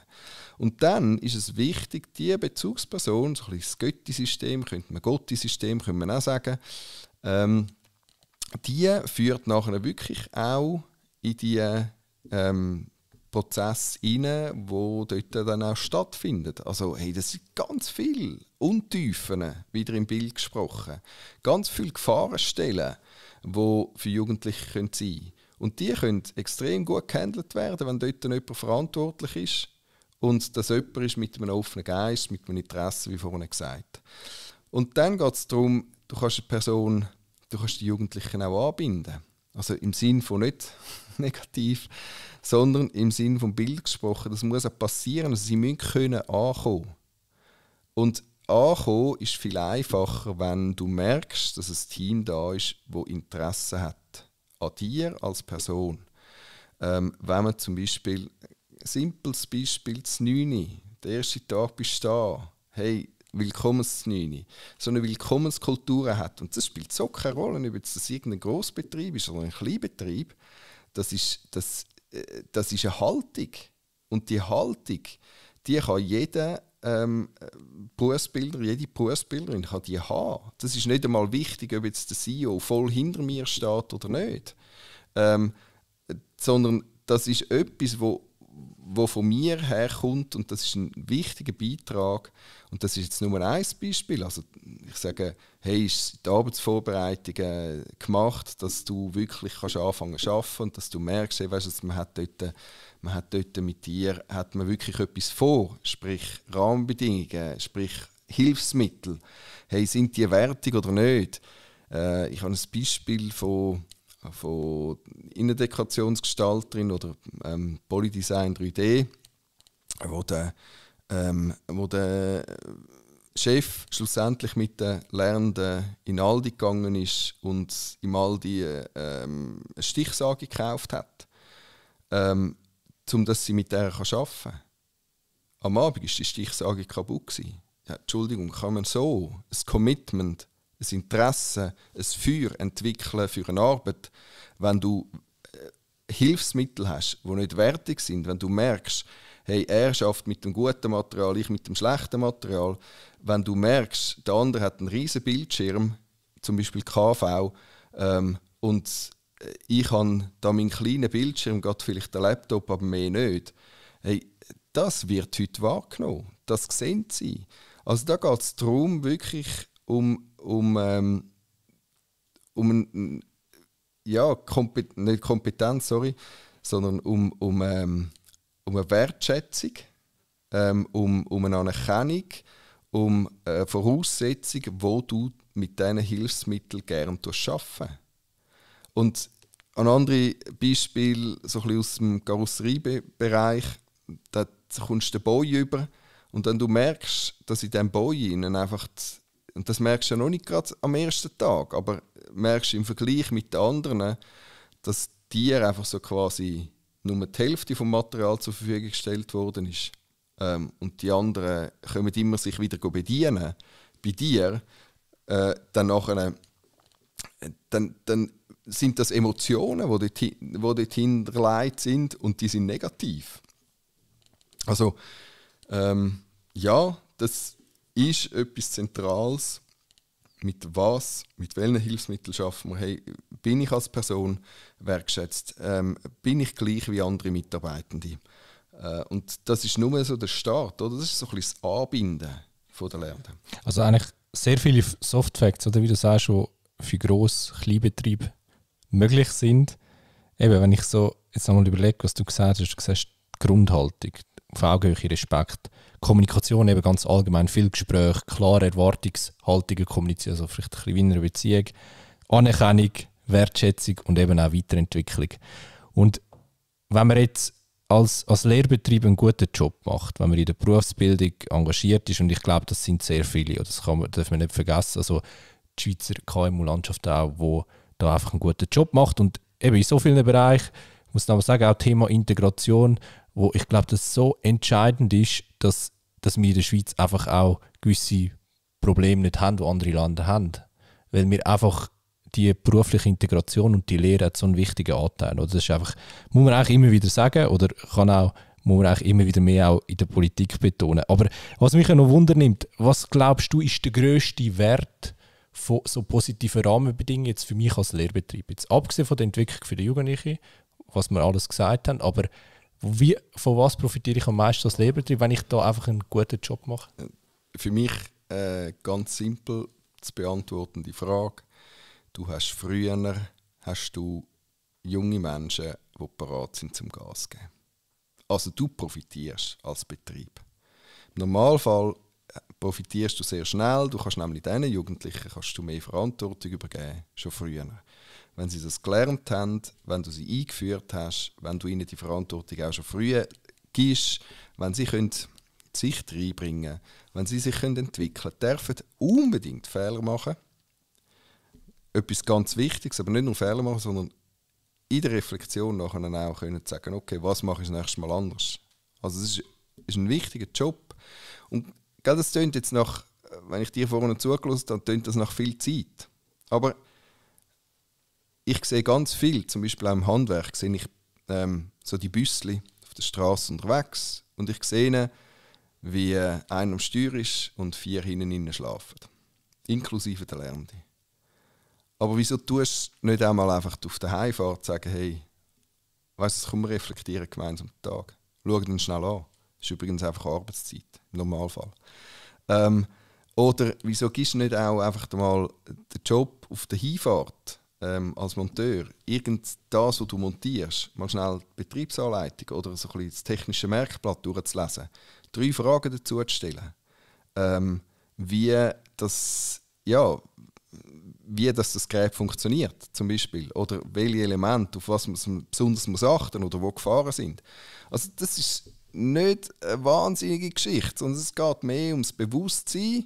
Und dann ist es wichtig, diese Bezugsperson, so ein bisschen das Götti-System, könnte man Gotti-System, auch sagen, ähm, die führt nachher wirklich auch in die ähm, Prozess rein, wo dort dann auch stattfindet. Also hey, das sind ganz viele Untiefen, wieder im Bild gesprochen. Ganz viele Gefahrenstellen, wo für Jugendliche sein können. Und die können extrem gut gehandelt werden, wenn dort jemand verantwortlich ist und das jemand ist mit einem offenen Geist, mit einem Interesse, wie vorhin gesagt. Und dann geht es darum, du kannst die Person, du kannst die Jugendlichen auch anbinden. Also im Sinne von nicht [LAUGHS] negativ, sondern im Sinn vom Bild gesprochen, das muss auch passieren, also sie müssen können ankommen. Und ankommen ist viel einfacher, wenn du merkst, dass ein Team da ist, wo Interesse hat an dir als Person. Ähm, wenn man zum Beispiel, ein simples Beispiel, das 9. Der erste Tag bist du da. Hey, willkommens Willkommensnüni, so eine Willkommenskultur hat. Und das spielt so keine Rolle, ob es irgendein Großbetrieb ist oder ein Kleinbetrieb das ist, das, äh, das ist eine Haltung. Und die Haltung, die kann jeder ähm, Berufsbilder, jede Berufsbilderin kann die haben. Das ist nicht einmal wichtig, ob jetzt der CEO voll hinter mir steht oder nicht. Ähm, sondern das ist etwas, wo wo von mir herkommt und das ist ein wichtiger Beitrag und das ist jetzt nur ein Beispiel. Also ich sage, hey, ist die Arbeitsvorbereitung äh, gemacht, dass du wirklich kannst anfangen zu arbeiten und dass du merkst, hey, weißt, dass man, hat dort, man hat dort mit dir hat man wirklich etwas vor, sprich Rahmenbedingungen, sprich Hilfsmittel. Hey, sind die wertig oder nicht? Äh, ich habe ein Beispiel von von Innendekorationsgestalterin oder ähm, Polydesign 3D, wo der, ähm, wo der Chef schlussendlich mit den Lernenden in Aldi gegangen ist und im Aldi ähm, eine Stichsage gekauft hat, ähm, um dass sie mit der arbeiten kann. Am Abend war die Stichsage kaputt. Ja, Entschuldigung, kann man so ein Commitment ein Interesse, ein Feuer entwickeln für eine Arbeit, wenn du äh, Hilfsmittel hast, die nicht wertig sind, wenn du merkst, hey, er schafft mit dem guten Material, ich mit dem schlechten Material, wenn du merkst, der andere hat einen riesen Bildschirm, zum Beispiel KV, ähm, und äh, ich habe da meinen kleinen Bildschirm, gerade vielleicht den Laptop, aber mehr nicht. Hey, das wird heute wahrgenommen. Das sehen sie. Also da geht es darum, wirklich um, um, ähm, um ein, ja, kompet nicht Kompetenz, sorry, sondern um, um, ähm, um eine Wertschätzung, ähm, um, um eine Anerkennung, um eine Voraussetzung, wo du mit diesen Hilfsmitteln gerne arbeiten Und ein anderes Beispiel, so ein aus dem Karosseriebereich, da kommst du den Boy über und dann du merkst, dass in diesem Boy einfach die und das merkst du ja noch nicht gerade am ersten Tag, aber merkst du im Vergleich mit den anderen, dass dir einfach so quasi nur die Hälfte vom Material zur Verfügung gestellt worden ist ähm, und die anderen können immer sich wieder bedienen bei dir, äh, dann nachher, äh, dann, dann sind das Emotionen, die dort, wo dort hinterlegt sind und die sind negativ. Also ähm, ja, das ist etwas Zentrales. Mit was, mit welchen Hilfsmitteln schaffen wir? Hey, bin ich als Person wertschätzt? Ähm, bin ich gleich wie andere Mitarbeitende? Äh, und das ist nur so der Start, oder? Das ist so ein bisschen das Anbinden von der Lernenden. Also eigentlich sehr viele Softfacts, oder wie du sagst, die für gross Kleinbetriebe möglich sind. Eben, wenn ich so jetzt einmal überlege, was du gesagt hast, du sagst die Grundhaltung, auf Augenhöhe Respekt. Kommunikation eben ganz allgemein, viel Gespräch, klare Erwartungshaltungen kommunizieren, also vielleicht ein bisschen wie in einer Beziehung, Anerkennung, Wertschätzung und eben auch Weiterentwicklung. Und wenn man jetzt als, als Lehrbetrieb einen guten Job macht, wenn man in der Berufsbildung engagiert ist, und ich glaube, das sind sehr viele, das kann man, darf man nicht vergessen, also die Schweizer KMU-Landschaft auch, wo da einfach einen guten Job macht und eben in so vielen Bereichen, muss man aber sagen, auch Thema Integration, wo ich glaube, das so entscheidend ist, dass, dass wir in der Schweiz einfach auch gewisse Probleme nicht haben, die andere Länder haben. Weil wir einfach die berufliche Integration und die Lehre hat so einen wichtigen Anteil. Oder das ist einfach, muss man eigentlich immer wieder sagen oder kann auch, muss man auch immer wieder mehr auch in der Politik betonen. Aber was mich ja noch wundernimmt, was glaubst du, ist der grösste Wert von so positiven Rahmenbedingungen jetzt für mich als Lehrbetrieb? Jetzt abgesehen von der Entwicklung für die Jugendlichen, was wir alles gesagt haben, aber wie, von was profitiere ich am meisten als Lehrbetrieb, wenn ich da einfach einen guten Job mache? Für mich äh, ganz simpel zu beantworten die Frage. Du hast früher hast du junge Menschen, die bereit sind zum Gas zu geben. Also du profitierst als Betrieb. Im Normalfall äh, profitierst du sehr schnell. Du kannst nämlich deinen Jugendlichen kannst du mehr Verantwortung übergeben, schon früher wenn sie das gelernt haben, wenn du sie eingeführt hast, wenn du ihnen die Verantwortung auch schon früh gibst, wenn sie können die Sicht reinbringen wenn sie sich können entwickeln können, dürfen unbedingt Fehler machen. Etwas ganz Wichtiges, aber nicht nur Fehler machen, sondern in der Reflexion nachher auch können sagen, okay, was mache ich das nächste Mal anders? Also es ist, ist ein wichtiger Job. Und das tönt jetzt nach, wenn ich dir vorne zugelassen habe, dann tönt das nach viel Zeit. Aber ich sehe ganz viel, zum Beispiel auch im Handwerk, sehe ich ähm, so die Büssli auf der Straße unterwegs und ich sehe, wie äh, einer am Steuer ist und vier hinten innen schlafen. Inklusive der Lernende. Aber wieso tust du nicht einmal einfach auf der Heimfahrt sagen, hey, weißt du, komm, wir reflektieren gemeinsam den Tag. Schau den schnell an. Das ist übrigens einfach Arbeitszeit, im Normalfall. Ähm, oder wieso gibst du nicht auch einfach mal den Job auf der Heimfahrt ähm, als Monteur irgend das, was du montierst, mal schnell die Betriebsanleitung oder so ein das technische Merkblatt durchzulesen, drei Fragen dazu zu stellen, ähm, wie das, ja, wie das, das Gerät funktioniert, zum Beispiel, oder welche Elemente, auf was man besonders muss achten oder wo Gefahren sind. Also das ist nicht eine wahnsinnige Geschichte, sondern es geht mehr ums Bewusstsein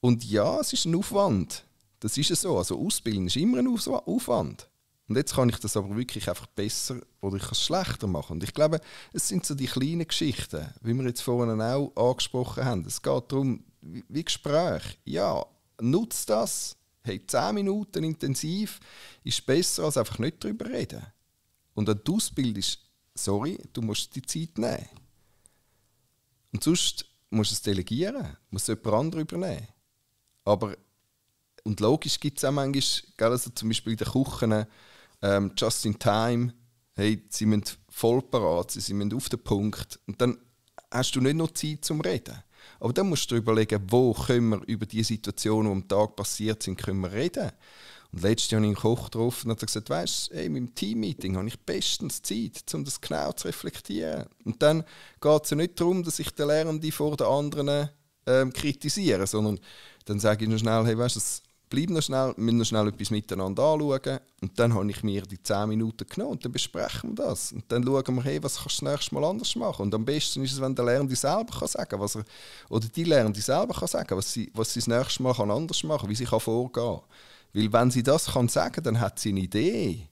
und ja, es ist ein Aufwand, das ist es so. Also ausbilden ist immer ein Aufwand. Und jetzt kann ich das aber wirklich einfach besser oder ich kann es schlechter machen. Und ich glaube, es sind so die kleinen Geschichten, wie wir jetzt vorhin auch angesprochen haben. Es geht darum, wie Gespräch. Ja, nutzt das. Hey, 10 Minuten intensiv ist besser, als einfach nicht darüber reden. Und wenn du ausbildest, sorry, du musst die Zeit nehmen. Und sonst musst du es delegieren, musst jemand anderes übernehmen. Aber und logisch gibt es auch manchmal, gell, also zum Beispiel in den Küchen, ähm, just in time, hey, sie müssen voll parat sein, sie müssen auf den Punkt. Und dann hast du nicht noch Zeit zum Reden. Aber dann musst du überlegen, wo können wir über die Situation, die am Tag passiert sind, können wir reden. Und letztes Jahr habe ich einen Koch getroffen und hat gesagt, weißt du, hey, Team-Meeting habe ich bestens Zeit, um das genau zu reflektieren. Und dann geht es ja nicht darum, dass ich den Lernenden vor den anderen ähm, kritisiere, sondern dann sage ich nur schnell, hey, weißt du, bleib noch schnell, wir noch schnell etwas miteinander anschauen. Und dann habe ich mir die 10 Minuten genommen und dann besprechen wir das. Und dann schauen wir, hey, was kannst du das nächste Mal anders machen? Und am besten ist es, wenn der Lernende selber kann sagen was er, oder die Lernende selber kann sagen was sie, was sie das nächste Mal kann anders machen kann, wie sie vorgehen kann. Weil wenn sie das kann sagen dann hat sie eine Idee.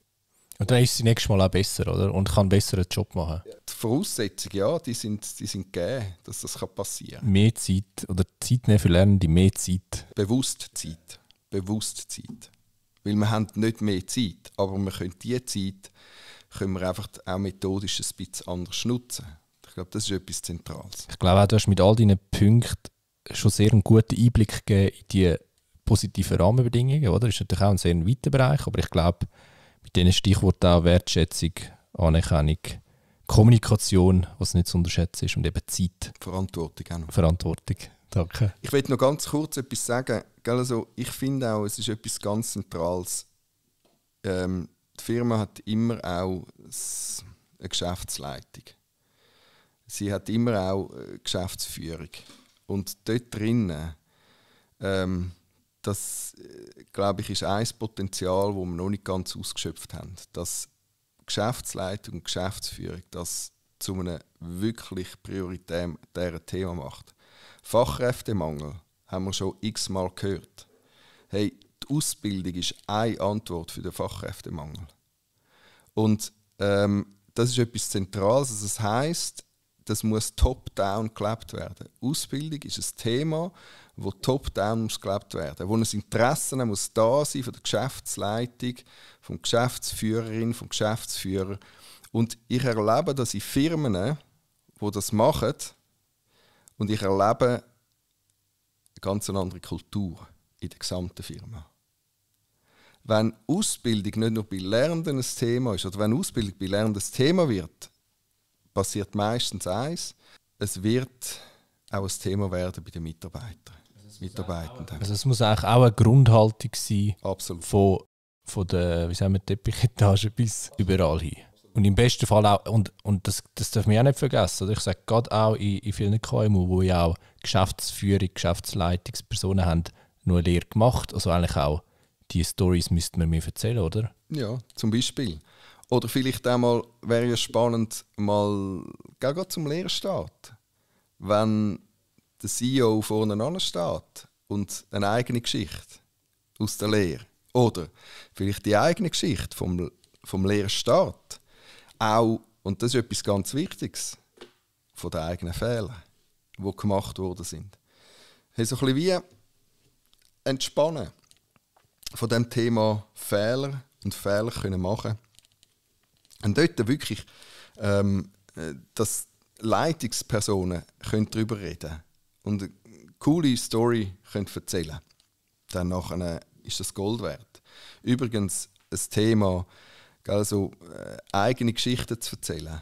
Und dann ist sie nächstes Mal auch besser, oder? Und kann einen besseren Job machen. Die Voraussetzungen, ja, die sind, die sind gegeben, dass das passieren kann. Mehr Zeit, oder Zeit nehmen für Lernende, mehr Zeit. Bewusst Zeit bewusst Zeit. Weil wir haben nicht mehr Zeit, aber wir können diese Zeit können wir einfach auch methodisch ein bisschen anders nutzen. Ich glaube, das ist etwas Zentrales. Ich glaube auch, du hast mit all deinen Punkten schon sehr einen guten Einblick gegeben in die positiven Rahmenbedingungen, oder? Das ist natürlich auch ein sehr weiter Bereich, aber ich glaube, mit diesen Stichworten auch Wertschätzung, Anerkennung, Kommunikation, was nicht zu unterschätzen ist, und eben Zeit. Verantwortung auch noch. Verantwortung, danke. Ich will noch ganz kurz etwas sagen gell, also ich finde auch, es ist etwas ganz Zentrales. Ähm, die Firma hat immer auch eine Geschäftsleitung. Sie hat immer auch eine äh, Geschäftsführung. Und dort drinnen, ähm, das äh, glaube ich, ist ein Potenzial, das wir noch nicht ganz ausgeschöpft haben. Dass Geschäftsleitung und Geschäftsführung das zu einem wirklich prioritären Thema macht. Fachkräftemangel haben wir schon x-mal gehört. Hey, die Ausbildung ist eine Antwort für den Fachkräftemangel. Und ähm, das ist etwas Zentrales. das heißt, das muss top-down gelebt werden. Ausbildung ist ein Thema, wo top-down gelebt werden muss, wo ein Interesse muss da sein von der Geschäftsleitung, von der Geschäftsführerin, vom Geschäftsführer. Und ich erlebe, dass in Firmen, wo das machen, und ich erlebe, eine ganz andere Kultur in der gesamten Firma. Wenn Ausbildung nicht nur bei Lernenden ein Thema ist, oder wenn Ausbildung bei Lernenden ein Thema wird, passiert meistens eins, es wird auch ein Thema werden bei den Mitarbeitern. Also Mitarbeitenden. Also es muss eigentlich auch eine Grundhaltung sein Absolut. von, von der wie sagen wir, Teppichetage bis überall hin. Und im besten Fall auch, und, und das, das darf man auch nicht vergessen, oder? ich sage gerade auch in, in vielen KMU, wo ja auch Geschäftsführung, Geschäftsleitungspersonen haben nur eine Lehre gemacht, also eigentlich auch die Stories müsste man mir erzählen, oder? Ja, zum Beispiel. Oder vielleicht auch mal, wäre es spannend, mal gerade zum Lehrstart, wenn der CEO vorne steht und eine eigene Geschichte aus der Lehre oder vielleicht die eigene Geschichte vom, vom Lehrstaat auch, und das ist etwas ganz Wichtiges, von den eigenen Fehlern, die gemacht worden sind. Hey, so ein bisschen wie entspannen von dem Thema Fehler und Fehler können machen. Und dort wirklich, ähm, dass Leitungspersonen können darüber reden und eine coole Story können erzählen Dann nachher ist das Gold wert. Übrigens, ein Thema, also äh, eigene Geschichten zu erzählen,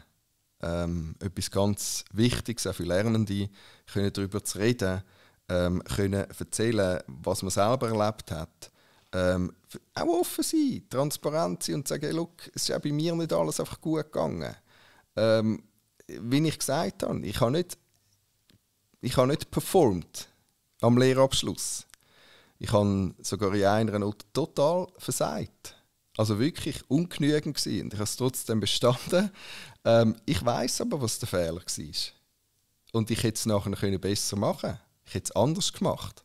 ähm, etwas ganz Wichtiges auch für Lernende, können darüber zu reden, ähm, können erzählen, was man selber erlebt hat. Ähm, auch offen sein, transparent sein und sagen, hey, look, es ist auch bei mir nicht alles einfach gut gegangen. Ähm, wie ich gesagt habe, ich habe nicht, ich habe nicht performt am Lehrabschluss. Ich habe sogar in einer Note total versagt. Also wirklich ungenügend gewesen. Und ich habe es trotzdem bestanden. Ähm, ich weiß aber, was der Fehler war. Und ich hätte es nachher können besser machen können. Ich hätte es anders gemacht.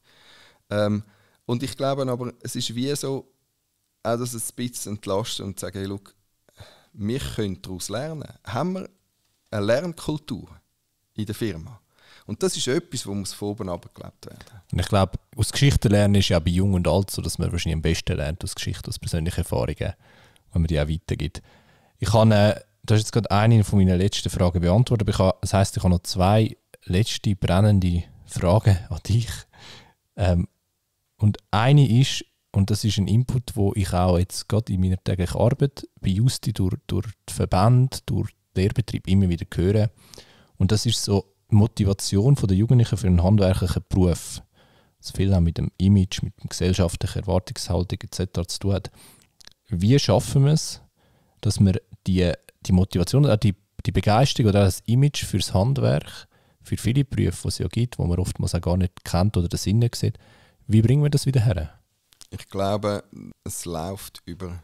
Ähm, und ich glaube aber, es ist wie so, auch dass es ein bisschen entlastet und sagt, hey, look, wir können daraus lernen. Haben wir eine Lernkultur in der Firma? Und das ist etwas, das muss von oben abgelebt werden. Und ich glaube, aus Geschichten lernen ist ja bei Jung und Alt so, dass man wahrscheinlich am besten lernt aus Geschichten, aus persönlichen Erfahrungen, wenn man die auch weitergibt. Ich habe, das ist jetzt gerade eine von meinen letzten Fragen beantwortet, aber habe, das heisst, ich habe noch zwei letzte brennende Fragen an dich. Ähm, und eine ist, und das ist ein Input, wo ich auch jetzt gerade in meiner täglichen Arbeit bei Justi durch, durch die Verbände, durch den Lehrbetrieb immer wieder höre. Und das ist so Motivation der Jugendlichen für einen handwerklichen Beruf, das viel auch mit dem Image, mit der gesellschaftlichen Erwartungshaltung etc. zu tun hat. Wie schaffen wir es, dass wir die, die Motivation, auch die, die Begeisterung oder auch das Image fürs Handwerk, für viele Berufe, die es ja gibt, die man oftmals auch gar nicht kennt oder den Sinn nicht sieht, wie bringen wir das wieder her? Ich glaube, es läuft über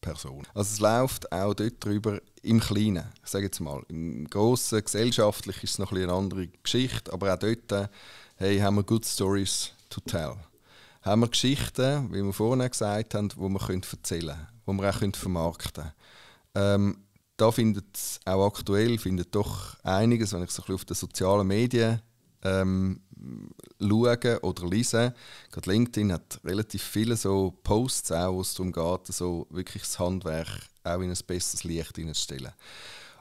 Person. Also es läuft auch dort drüber im Kleinen, ich sage jetzt mal. Im Großen gesellschaftlich ist es noch eine andere Geschichte, aber auch dort äh, hey, haben wir good stories to tell. Haben wir Geschichten, wie wir vorhin gesagt haben, die wir können erzählen können, die wir auch können vermarkten können. Ähm, da findet auch aktuell findet doch einiges, wenn ich so ein auf den sozialen Medien ähm, schauen oder lesen. Gerade LinkedIn hat relativ viele so Posts, auch, wo es darum geht, so wirklich das Handwerk auch in ein besseres Licht hineinzustellen.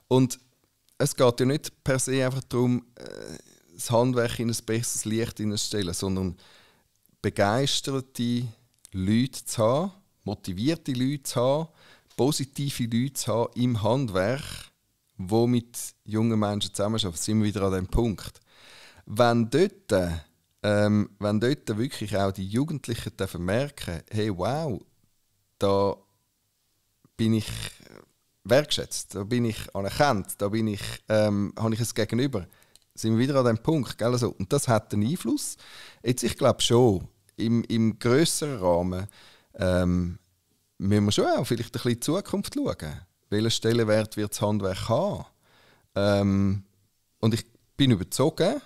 Und es geht ja nicht per se einfach darum, äh, das Handwerk in ein besseres Licht hineinzustellen, sondern begeisterte Leute zu haben, motivierte Leute zu haben, positive Leute zu haben im Handwerk, wo mit jungen Menschen zusammenarbeiten, sind wir wieder an dem Punkt wenn dort, ähm, wenn dort wirklich auch die Jugendlichen dürfen merken, hey, wow, da bin ich äh, wertschätzt, da bin ich anerkannt, da bin ich, ähm, habe ich es gegenüber. Sind wir wieder an dem Punkt, gell? Also, und das hat einen Einfluss. Jetzt, ich glaube schon, im, im größeren Rahmen ähm, müssen wir schon auch vielleicht ein bisschen in die Zukunft schauen. Welchen Stellenwert wird das Handwerk haben? Ähm, und ich bin überzogen,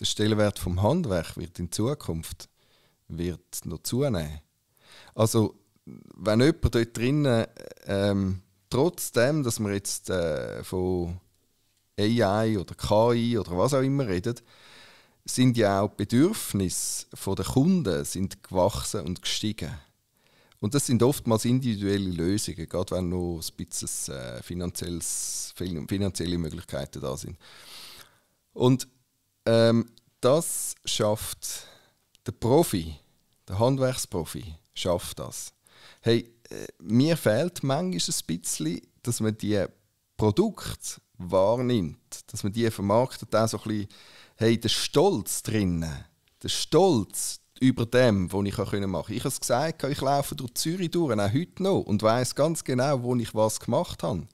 der Stellenwert vom Handwerk wird in Zukunft wird noch zunehmen. Also wenn jemand dort drinnen, ähm, trotzdem, dass wir jetzt äh, von AI oder KI oder was auch immer reden, sind ja auch die Bedürfnisse der Kunden sind gewachsen und gestiegen. Und das sind oftmals individuelle Lösungen, gerade wenn noch ein bisschen äh, finanzielles, finanzielle Möglichkeiten da sind. Und ähm, das schafft der Profi, der Handwerksprofi, schafft das. Hey, äh, mir fehlt manchmal ein bisschen, dass man die Produkte wahrnimmt, dass man die vermarktet, auch so ein bisschen, hey, der Stolz drinnen, der Stolz über dem, was ich machen konnte. Ich habe es gesagt, ich laufe durch Zürich durch, auch heute noch, und weiß ganz genau, wo ich was gemacht habe.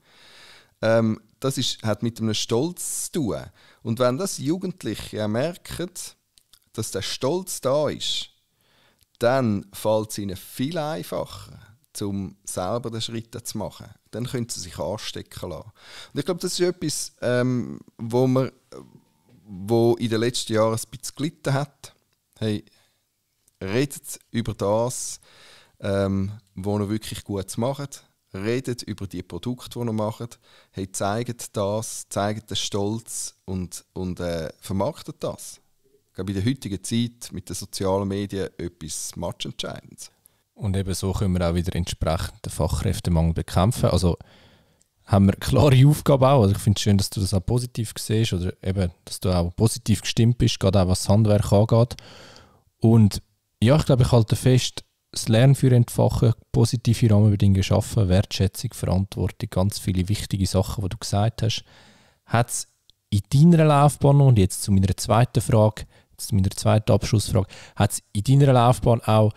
Ähm, das ist, hat mit einem Stolz zu tun. Und wenn das Jugendliche merken, dass der Stolz da ist, dann fällt es ihnen viel einfacher, um selber den Schritt zu machen. Dann können sie sich anstecken lassen. Und ich glaube, das ist etwas, ähm, wo, man, wo in den letzten Jahren ein bisschen gelitten hat. Hey, redet über das, ähm, was ihr wirklich gut macht redet über die Produkte, die ihr macht, hey, zeigt das, zeigt den Stolz und, und äh, vermarktet das. Gerade in der heutigen Zeit mit den sozialen Medien etwas matchentscheidendes. Und eben so können wir auch wieder entsprechend den Fachkräftemangel bekämpfen. Also haben wir klare Aufgaben auch. Also ich finde es schön, dass du das auch positiv siehst oder eben, dass du auch positiv gestimmt bist, gerade auch was Handwerk angeht. Und ja, ich glaube, ich halte fest, das Lernen für entfachen, positive Rahmenbedingungen schaffen, Wertschätzung, Verantwortung, ganz viele wichtige Sachen, die du gesagt hast. Hat es in deiner Laufbahn, und jetzt zu meiner zweiten Frage, zu meiner zweiten Abschlussfrage, hat es in deiner Laufbahn auch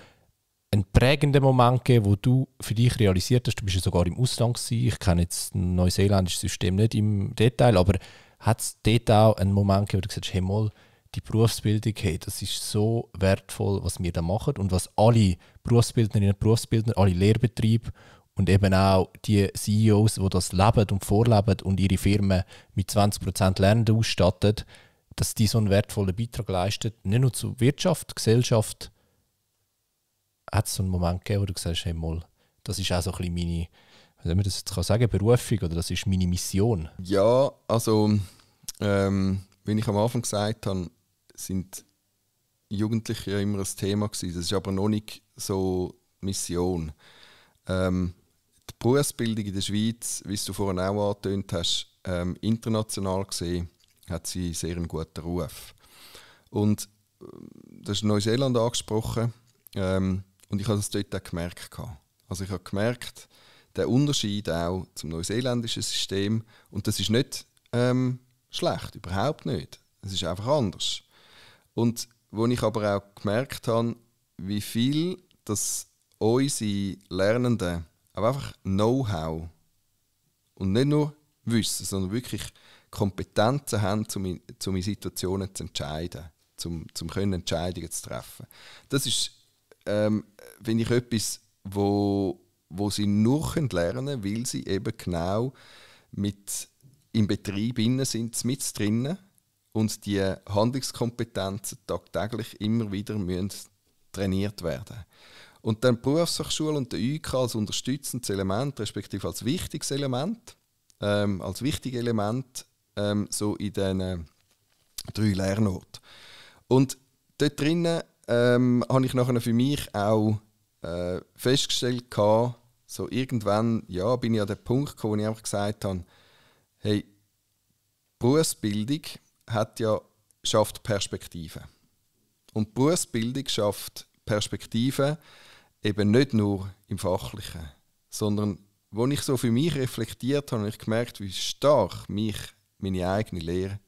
einen prägenden Moment gegeben, wo du für dich realisiert hast, du bist ja sogar im Ausland gewesen, ich kenne jetzt das neuseeländische System nicht im Detail, aber hat es dort auch einen Moment gegeben, wo du gesagt hast, hey mal, die Berufsbildung, hey, das ist so wertvoll, was wir da machen und was alle Berufsbildnerinnen und Berufsbildner, alle Lehrbetriebe und eben auch die CEOs, die das leben und vorleben und ihre Firmen mit 20% Lernenden ausstatten, dass die so einen wertvollen Beitrag leisten, nicht nur zur Wirtschaft, Gesellschaft. Hat es so einen Moment gegeben, wo du gesagt hey, mal, das ist auch so ein bisschen meine, wenn man das jetzt sagen Berufung oder das ist meine Mission? Ja, also, ähm, wie ich am Anfang gesagt habe, sind Jugendlichen ja immer ein Thema gewesen. Das ist aber noch nicht so Mission. Ähm, die Berufsbildung in der Schweiz, wie du vorhin auch angetönt hast, ähm, international gesehen, hat sie sehr einen guten Ruf. Und äh, das ist Neuseeland angesprochen ähm, und ich habe das dort auch gemerkt. Also ich habe gemerkt, der Unterschied auch zum neuseeländischen System und das ist nicht ähm, schlecht, überhaupt nicht. Es ist einfach anders. Und wo ich aber auch gemerkt habe, wie viel das unsere Lernenden auch einfach Know-how und nicht nur Wissen, sondern wirklich Kompetenzen haben, um, um in Situationen zu entscheiden, um, um können Entscheidungen zu treffen. Das ist, ähm, finde ich, etwas, wo, wo sie nur lernen können, weil sie eben genau mit im Betrieb innen sind, mit drinnen und die Handlungskompetenzen tagtäglich immer wieder müssen trainiert werden und dann die Berufsfachschule und der UK als unterstützendes Element, respektive als wichtiges Element, ähm, als wichtiges Element ähm, so in diesen drei Lernorten. Und dort drinnen ähm, habe ich nachher für mich auch äh, festgestellt, gehabt, so irgendwann ja, bin ich an den Punkt gekommen, wo ich einfach gesagt habe, hey, Berufsbildung hat ja, schafft Perspektiven. Und Berufsbildung schafft Perspektiven eben nicht nur im Fachlichen, sondern wo ich so für mich reflektiert habe, habe ich gemerkt, wie stark mich meine eigene Lehre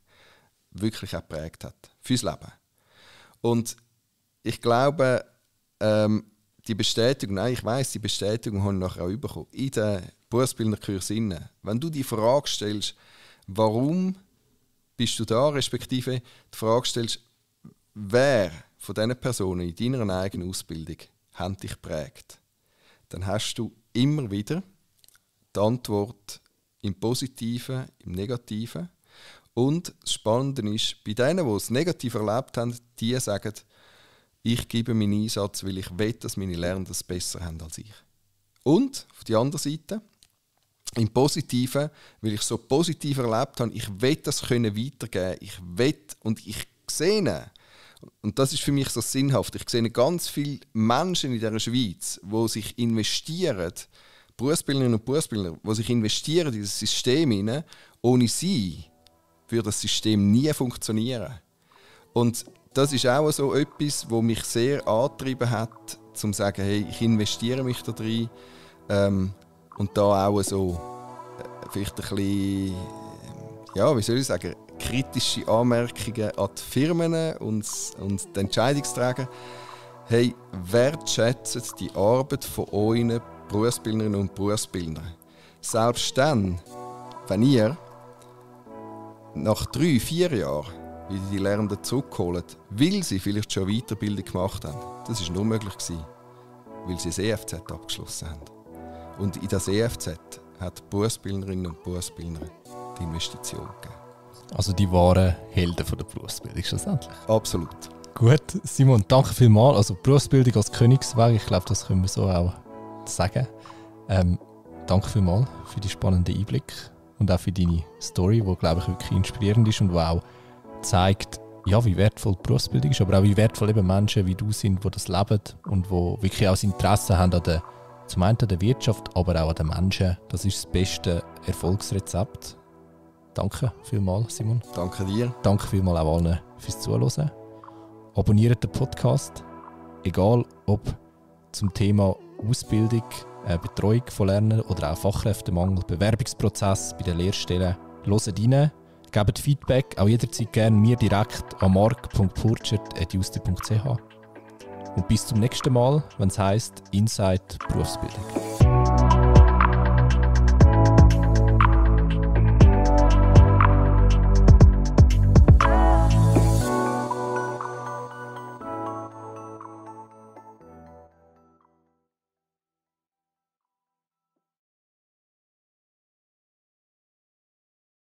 wirklich auch geprägt hat fürs Leben. Und ich glaube, ähm, die Bestätigung, nein, ich weiß, die Bestätigung habe ich nachher auch bekommen, in den Berufsbildnerkursen. Wenn du die Frage stellst, warum bist du da, respektive die Frage stellst, wer von diesen Personen in deiner eigenen Ausbildung hat dich prägt, dann hast du immer wieder die Antwort im Positiven, im Negativen. Und das Spannende ist, bei denen, die es negativ erlebt haben, die sagen, ich gebe meinen Einsatz, weil ich will, dass meine Lernenden es besser haben als ich. Und auf der anderen Seite, im Positiven, weil ich so positiv erlebt habe, ich will das können weitergeben, ich will und ich sehe und das ist für mich so sinnhaft. Ich sehe ganz viele Menschen in der Schweiz, wo sich investieren, Berufsbildnerinnen und Berufsbildner, die sich investieren in das System ohne sie würde das System nie funktionieren. Und das ist auch so etwas, wo mich sehr angetrieben hat, zum zu sagen, hey, ich investiere mich da drin. Ähm, und da auch so äh, vielleicht ein bisschen, äh, ja, wie soll ich sagen, kritische Anmerkungen an die Firmen und, und die Entscheidungsträger. Hey, wertschätzt die Arbeit von euren Berufsbildnerinnen und Berufsbildnern. Selbst dann, wenn ihr nach drei, vier Jahren wieder die Lernenden zurückholt, weil sie vielleicht schon Weiterbildung gemacht haben. Das ist nur möglich, weil sie das EFZ abgeschlossen haben. Und in das EFZ hat Berufsbildnerinnen und Berufsbildner die Investition gegeben. Also die wahren Helden von der Berufsbildung schlussendlich. Absolut. Gut, Simon, danke vielmals. Also Berufsbildung als Königsweg, ich glaube, das können wir so auch sagen. Ähm, danke vielmals für die spannenden Einblick und auch für deine Story, die, glaube ich, wirklich inspirierend ist und die auch zeigt, ja, wie wertvoll die Berufsbildung ist, aber auch wie wertvoll eben Menschen wie du sind, die das leben und die wirklich auch das Interesse haben an der zum einen an der Wirtschaft, aber auch an den Menschen. Das ist das beste Erfolgsrezept. Danke vielmals, Simon. Danke dir. Danke vielmals auch allen fürs Zuhören. Abonniert den Podcast, egal ob zum Thema Ausbildung, äh, Betreuung von Lernern oder auch Fachkräftemangel, Bewerbungsprozess bei den Lehrstellen. Hört rein, gebt Feedback, auch jederzeit gerne mir direkt an mark.purchert.juster.ch. Und bis zum nächsten Mal, wenn es heißt Inside Berufsbildung.